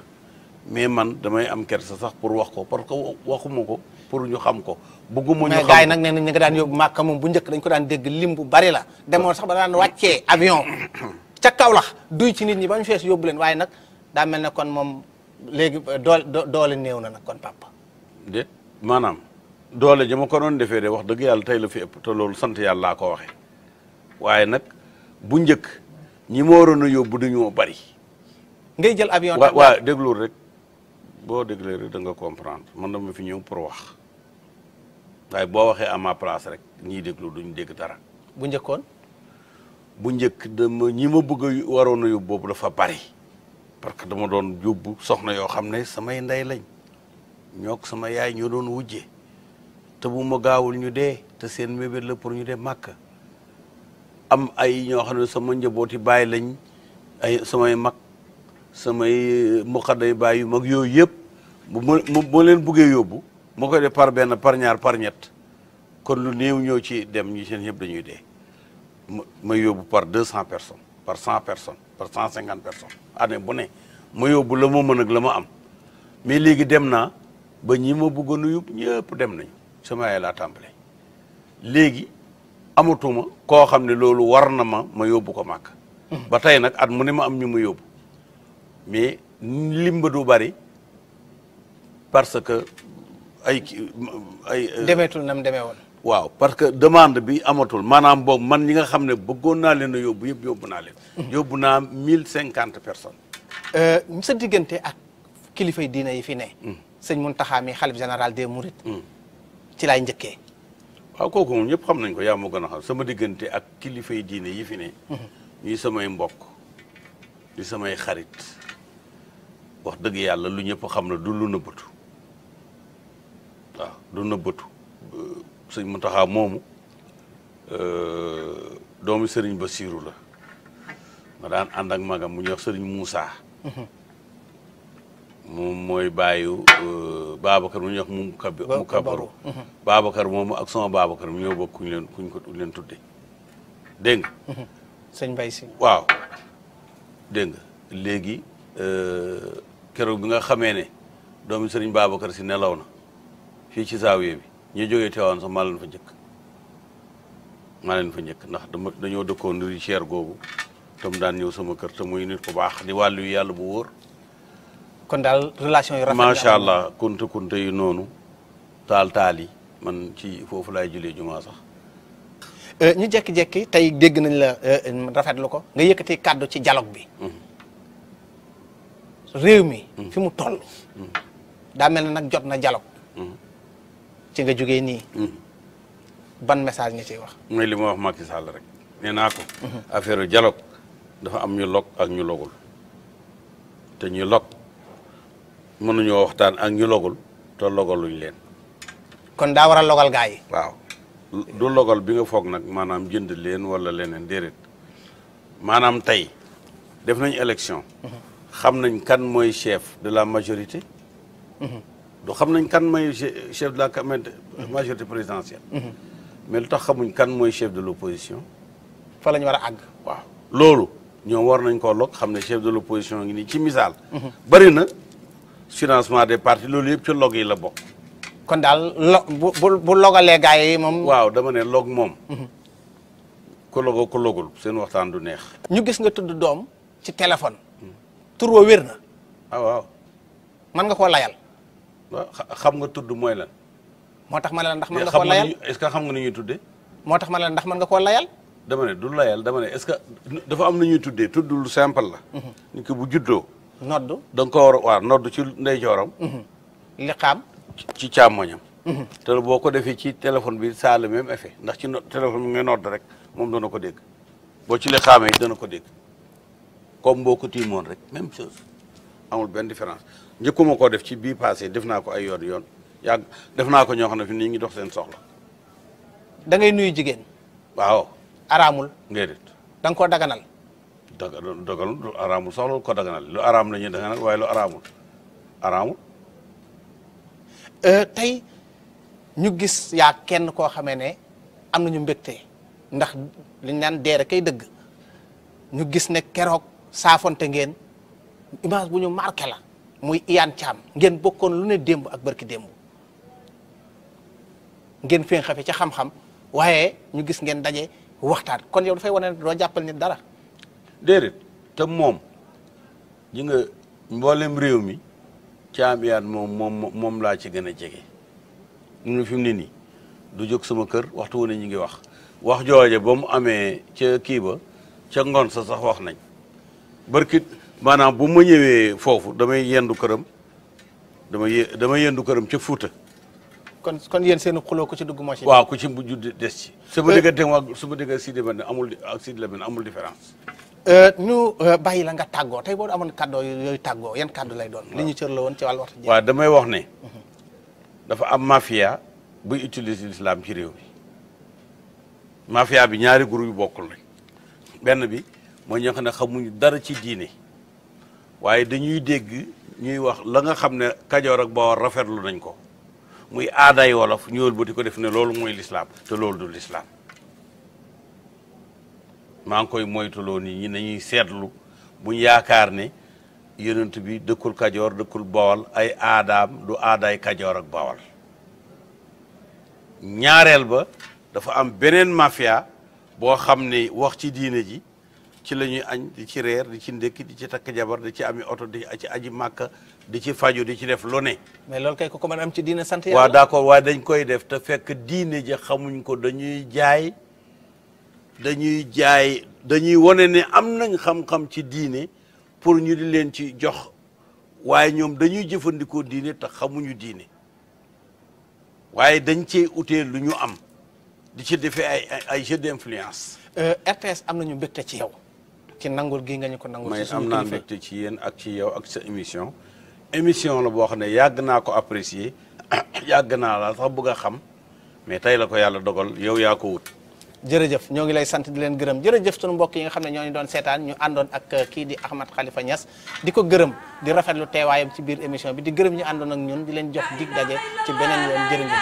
mais man damay am kersa sax pour wax ko parce que waxuma ko pour ñu xam ko bëgguma ñu xam mais gars yi nag nee nañ ñu nga daan yóbbu màkka moom bu njëkk dañ ko daan dégg lim bu bari la demoon sax ba daan wàccee avion ca kaw la duy ci nit ñi ba ñu fees yóbbu leen waaye nag daa mel ne kon moom léegi doole doole néew na nag kon papa déet maanaam doole ji ma ko doon defee de wax dëgg yàlla tey la fi ëpp te loolu sant yàlla laa ko waxee waaye nag bu njëkk ñi ma waroon a yóbbu bari. ngay jël avion waaw waaw déglu rek boo déglee da nga comprendre man dama fi ñëw pour wax waaye boo waxee à ma place rek ñiy déglu duñ dégg dara. bu njëkkoon. bu njëkk ñi ma bëgg a waroon boobu dafa bari parce que dama doon yóbbu soxna yoo xam ne samay ndey lañ ñook sama yaay ñoo doon wujjee. te bu ma gaawul ñu dee te seen mébét la pour ñu dee màkk am ay ñoo xam ne sama njabooti baay lañ ay sama samay mag samay euh, muqadday baay yu mag yooyu yëpp bu ma leen buggee yóbbu ma ko def par benn par ñaar par ñett kon lu néew ñëw ci dem ñu seen ñëpp dañuy dee ma yóbbu par deux cent personnes par cent personnes par cent cinquante personnes année bu ne ma yóbbu la ma mën ak la ma am mais léegi dem naa ba ñi ma bëggoon a yóbbu ñëpp dem nañ sama yaay laa tàmbale léegi amatuma koo xam ne loolu war na ma ma yóbbu ko màkk mm-hmm. ba tey nag at mu ne ma am ñu ma yóbbu mais limba du bari parce que ay ay. Euh, demeetul nam demee woon. waaw parce que demande bi amatul maanaam boobu man ñi nga xam ne bëggoon naa leen a yóbbu yëpp yóbbu naa leen. Mm-hmm. yóbbu naa mille cinquante personnes. Euh, sa diggante ak kilifay diina yi fi ne. Mm. sëñ taxa mi xalif général de Mourides. Mm. ci laay njëkkee. waaw kooku moom ñëpp xam nañ ko yaa ma gën a xam sama diggante ak kilifa diine yi fi ne. Mhm. ñuy samay mbokk di samay xarit wax dëgg yàlla lu ñëpp xam na du lu nëbbatu waaw du nëbbatu sëñ Mountakha moomu euh, doomu sëriñ Bassirou la ma daan ànd ak magam mu ñuy wax sëriñ Moussa. Mhm. moom mooy bàyyu euh, Babacar mu ñuy wax mu kabaru mu kabaru Babacar moomu ak son Babacar mu ñoo bokk kuñ leen kuñ ko leen tudde dégg nga sëñ si waaw dégg nga léegi euh, keroog bi nga xamee ne doomi sëriñ Babacar si nelaw na fii ci zaawiye bi ñu jógee teewaan sax maa leen fa njëkk maa leen fa njëkk ndax dama dañoo dëkkoon ri googu tam daan ñëw sama kër te muy nit ku baax di wàllu yàlla bu wóor kon daal relation yu rafet macha allah kunte kunte yi noonu taal yi man ci foofu laay jullee jumaa euh, ñu jékki tey dégg nañ la euh, rafetlu ko nga yëkkati kàddu ci dialogue bi. Mm-hmm. réew mi. Mm-hmm. fi mu toll. Mm-hmm. daa mel ne nag jot na dialogue. ci nga jóge nii. ban message nga ciy wax. mooy li ma wax Macky Sall rek nee naa ko. affaire dialogue dafa am ñu log ak ñu logul te ñu log. mënuñoo waxtaan ak ñu logul te logaluñ leen. kon daa war a logal gaa yi. waaw du logal bi nga foog nag maanaam jënd leen wala leneen déedéet maanaam tey def nañ élection. Mhm. xam nañ kan mooy chef de la majorité. Mhm. du xam nañ kan mooy chef de la mhm. majorité présidentielle. mais lu tax xamuñ kan mooy chef de l' opposition. fa la war a àgg. waaw loolu ñoom war nañ ko log xam ne chef de l' opposition ngi nii ci misaal. bari financement des partis loolu yëpp ci log yi la bokk. kon daal lo bu bu bu logalee gars yi moom. waaw dama ne log moom. ku logoo ku logul seen waxtaan du neex. ñu gis nga tudd doom ci téléphone. tur wa wér na. Ah, man nga koo layal. waaw xam nga tudd mooy lan. moo tax ma ne ndax mën nga koo est-ce que xam nga ñuy tuddee. moo tax ma ne la ndax mën nga koo layal. dama ne du layal dama ne est-ce que dafa am na ñuy tuddee tudd lu simple la. Mhm. ni ko bu juddoo. nodd da nga ko war waaw noddu ci ndeyjooram. Mm-hmm. liqaam. ci càmmoñam. Mm-hmm. te boo ko defee ci téléphone biir ça a le même effet ndax ci téléphone bi nga nodd rek moom dana ko dégg boo ci liqaamee dana ko dégg comme boo ko tiimoon rek même chose amul benn différence njëkkuma ko def ci biir passé def naa ko ay yoon yoon yàgg def naa ko ñoo xam ne fi nii ngi dox seen soxla. da ngay nuyu jigéen. waaw. araamul. déedéet da nga koo daganal. dogal lu araamul sax ko daganal lu araam la ñuy daganal waaye lu araamul araamul euh, tey ñu gis yaa kenn koo xamee ne am nañu mbégte ndax liñ naan deere kay dëgg ñu gis ne keroog saafonte ngeen image bu ñu marqué la muy iyaan caam ngeen bokkoon lu ne demb ak barki démb ngeen féen ca xam waaye ñu gis ngeen daje waxtaan kon yow dafay wane ne doo jàppal nit dara déedéet te moom ñi nga mboolem réew mi ca yaat moom moom moom laa ci gën a jege ñu ne fi mu ne nii du jóg suma kër waxtu wu ne ñu ngi wax wax jooje ba mu amee ca kii ba ca ngoon sax sax wax nañ barkit maanaam bu ma ñëwee foofu damay yendu këram damay damay yendu këram ca Fuuta kon kon yéen seen xuloo ku ci dugg machine. waaw ku ci mujj des ci. sama euh, diggante ak sama diggante ak Sidi Lamine amul ak Sidi Lamine amul différence. ñu euh, euh, yi la nga tàggoo tey boo amoon kàddoo yooyu tàggoo yan kàddu lay doon. na ñu cër la woon ci wàllu waxtu ji. damay wax ne. Mhm. dafa am mafia buy utiliser l'islam ci réew mi mafia bi ñaari groupe yu bokkul benn bi mooy ñoo ne xamuñu dara ci diine waaye dañuy dégg ñuy wax la nga xam ne kajoor ak bawar rafetlu nañ ko muy aaday wolof ñëwal ba di ko def ne loolu mooy l'islam te loolu du l'islam maa koy moytuloo nii ñi nañuy seetlu buñ yaakaar ne yonent bi dëkkul kajoor dëkkul bawal ay aadaam du aadaay kajoor ak bawal ñaareel ba dafa am beneen mafia boo xam ne wax ci diine ji ci lañuy añ di ci reer di ci ndékki di ci takk jabar di ci ami oto di ci aji màkka di ci faju di ci def lu ne. mais loolu kay ko ko mën am ci diine sant yàlla. waaw d'accord dañ koy def te fekk diine ji xamuñ ko dañuy jaay dañuy jaay dañuy wane ne am nañ xam-xam ci diine pour ñu di leen ci jox waaye ñoom dañuy jëfandikoo diine tax xamuñu diine waaye dañ ci utee lu ñu am di ci defee ay ay jeu d'influence. Euh, RTS am nañu mbégte ci yow. ci nangul gi nga ñu ko nangul. ci suñu may am naa mbégte ci yéen ak ci yow ak sa émission. émission la boo xam ne yàgg naa ko apprécier yàgg naa la sax bëgg a xam mais tey la ko yàlla dogal yow yaa ko wut. jërëjëf ñoo ngi lay sant di leen gërëm jërëjëf sunu mbokk yi nga xam ne ñoo ñu doon seetaan ñu àndoon ak uh, kii di Ahmad Khalifa Niass di ko gërëm di rafetlu teewaayam ci biir émission bi di gërëm ñu àndoon ak ñun di leen jox dig daje ci beneen yoon jërëjëf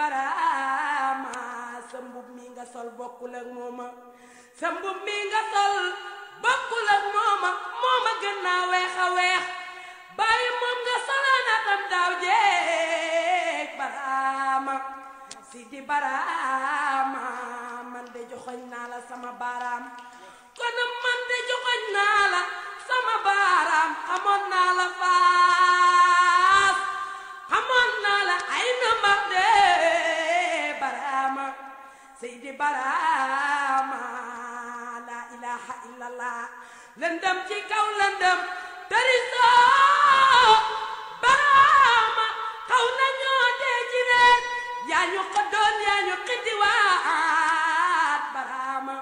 baraama sa mbub mi nga sol bokkul ak mooma sa mbub mi nga sol bokkul ak mooma mooma gën naa weex weex bàyyi moom nga solaanatam daaw jeeg baraama si di baraama man de joxoñ naa la sama baaraam kon man de joxoñ naa la sama baaraam xamoon naa la faas xamoon naa la ay na mbar de seydi baraama laa ilaaha illallah lëndëm ci kaw lëndëm tërisoo baraama xaw nañoo dee ci reer yaa ñu xëddoon yaa ñu xiddiwaat baraama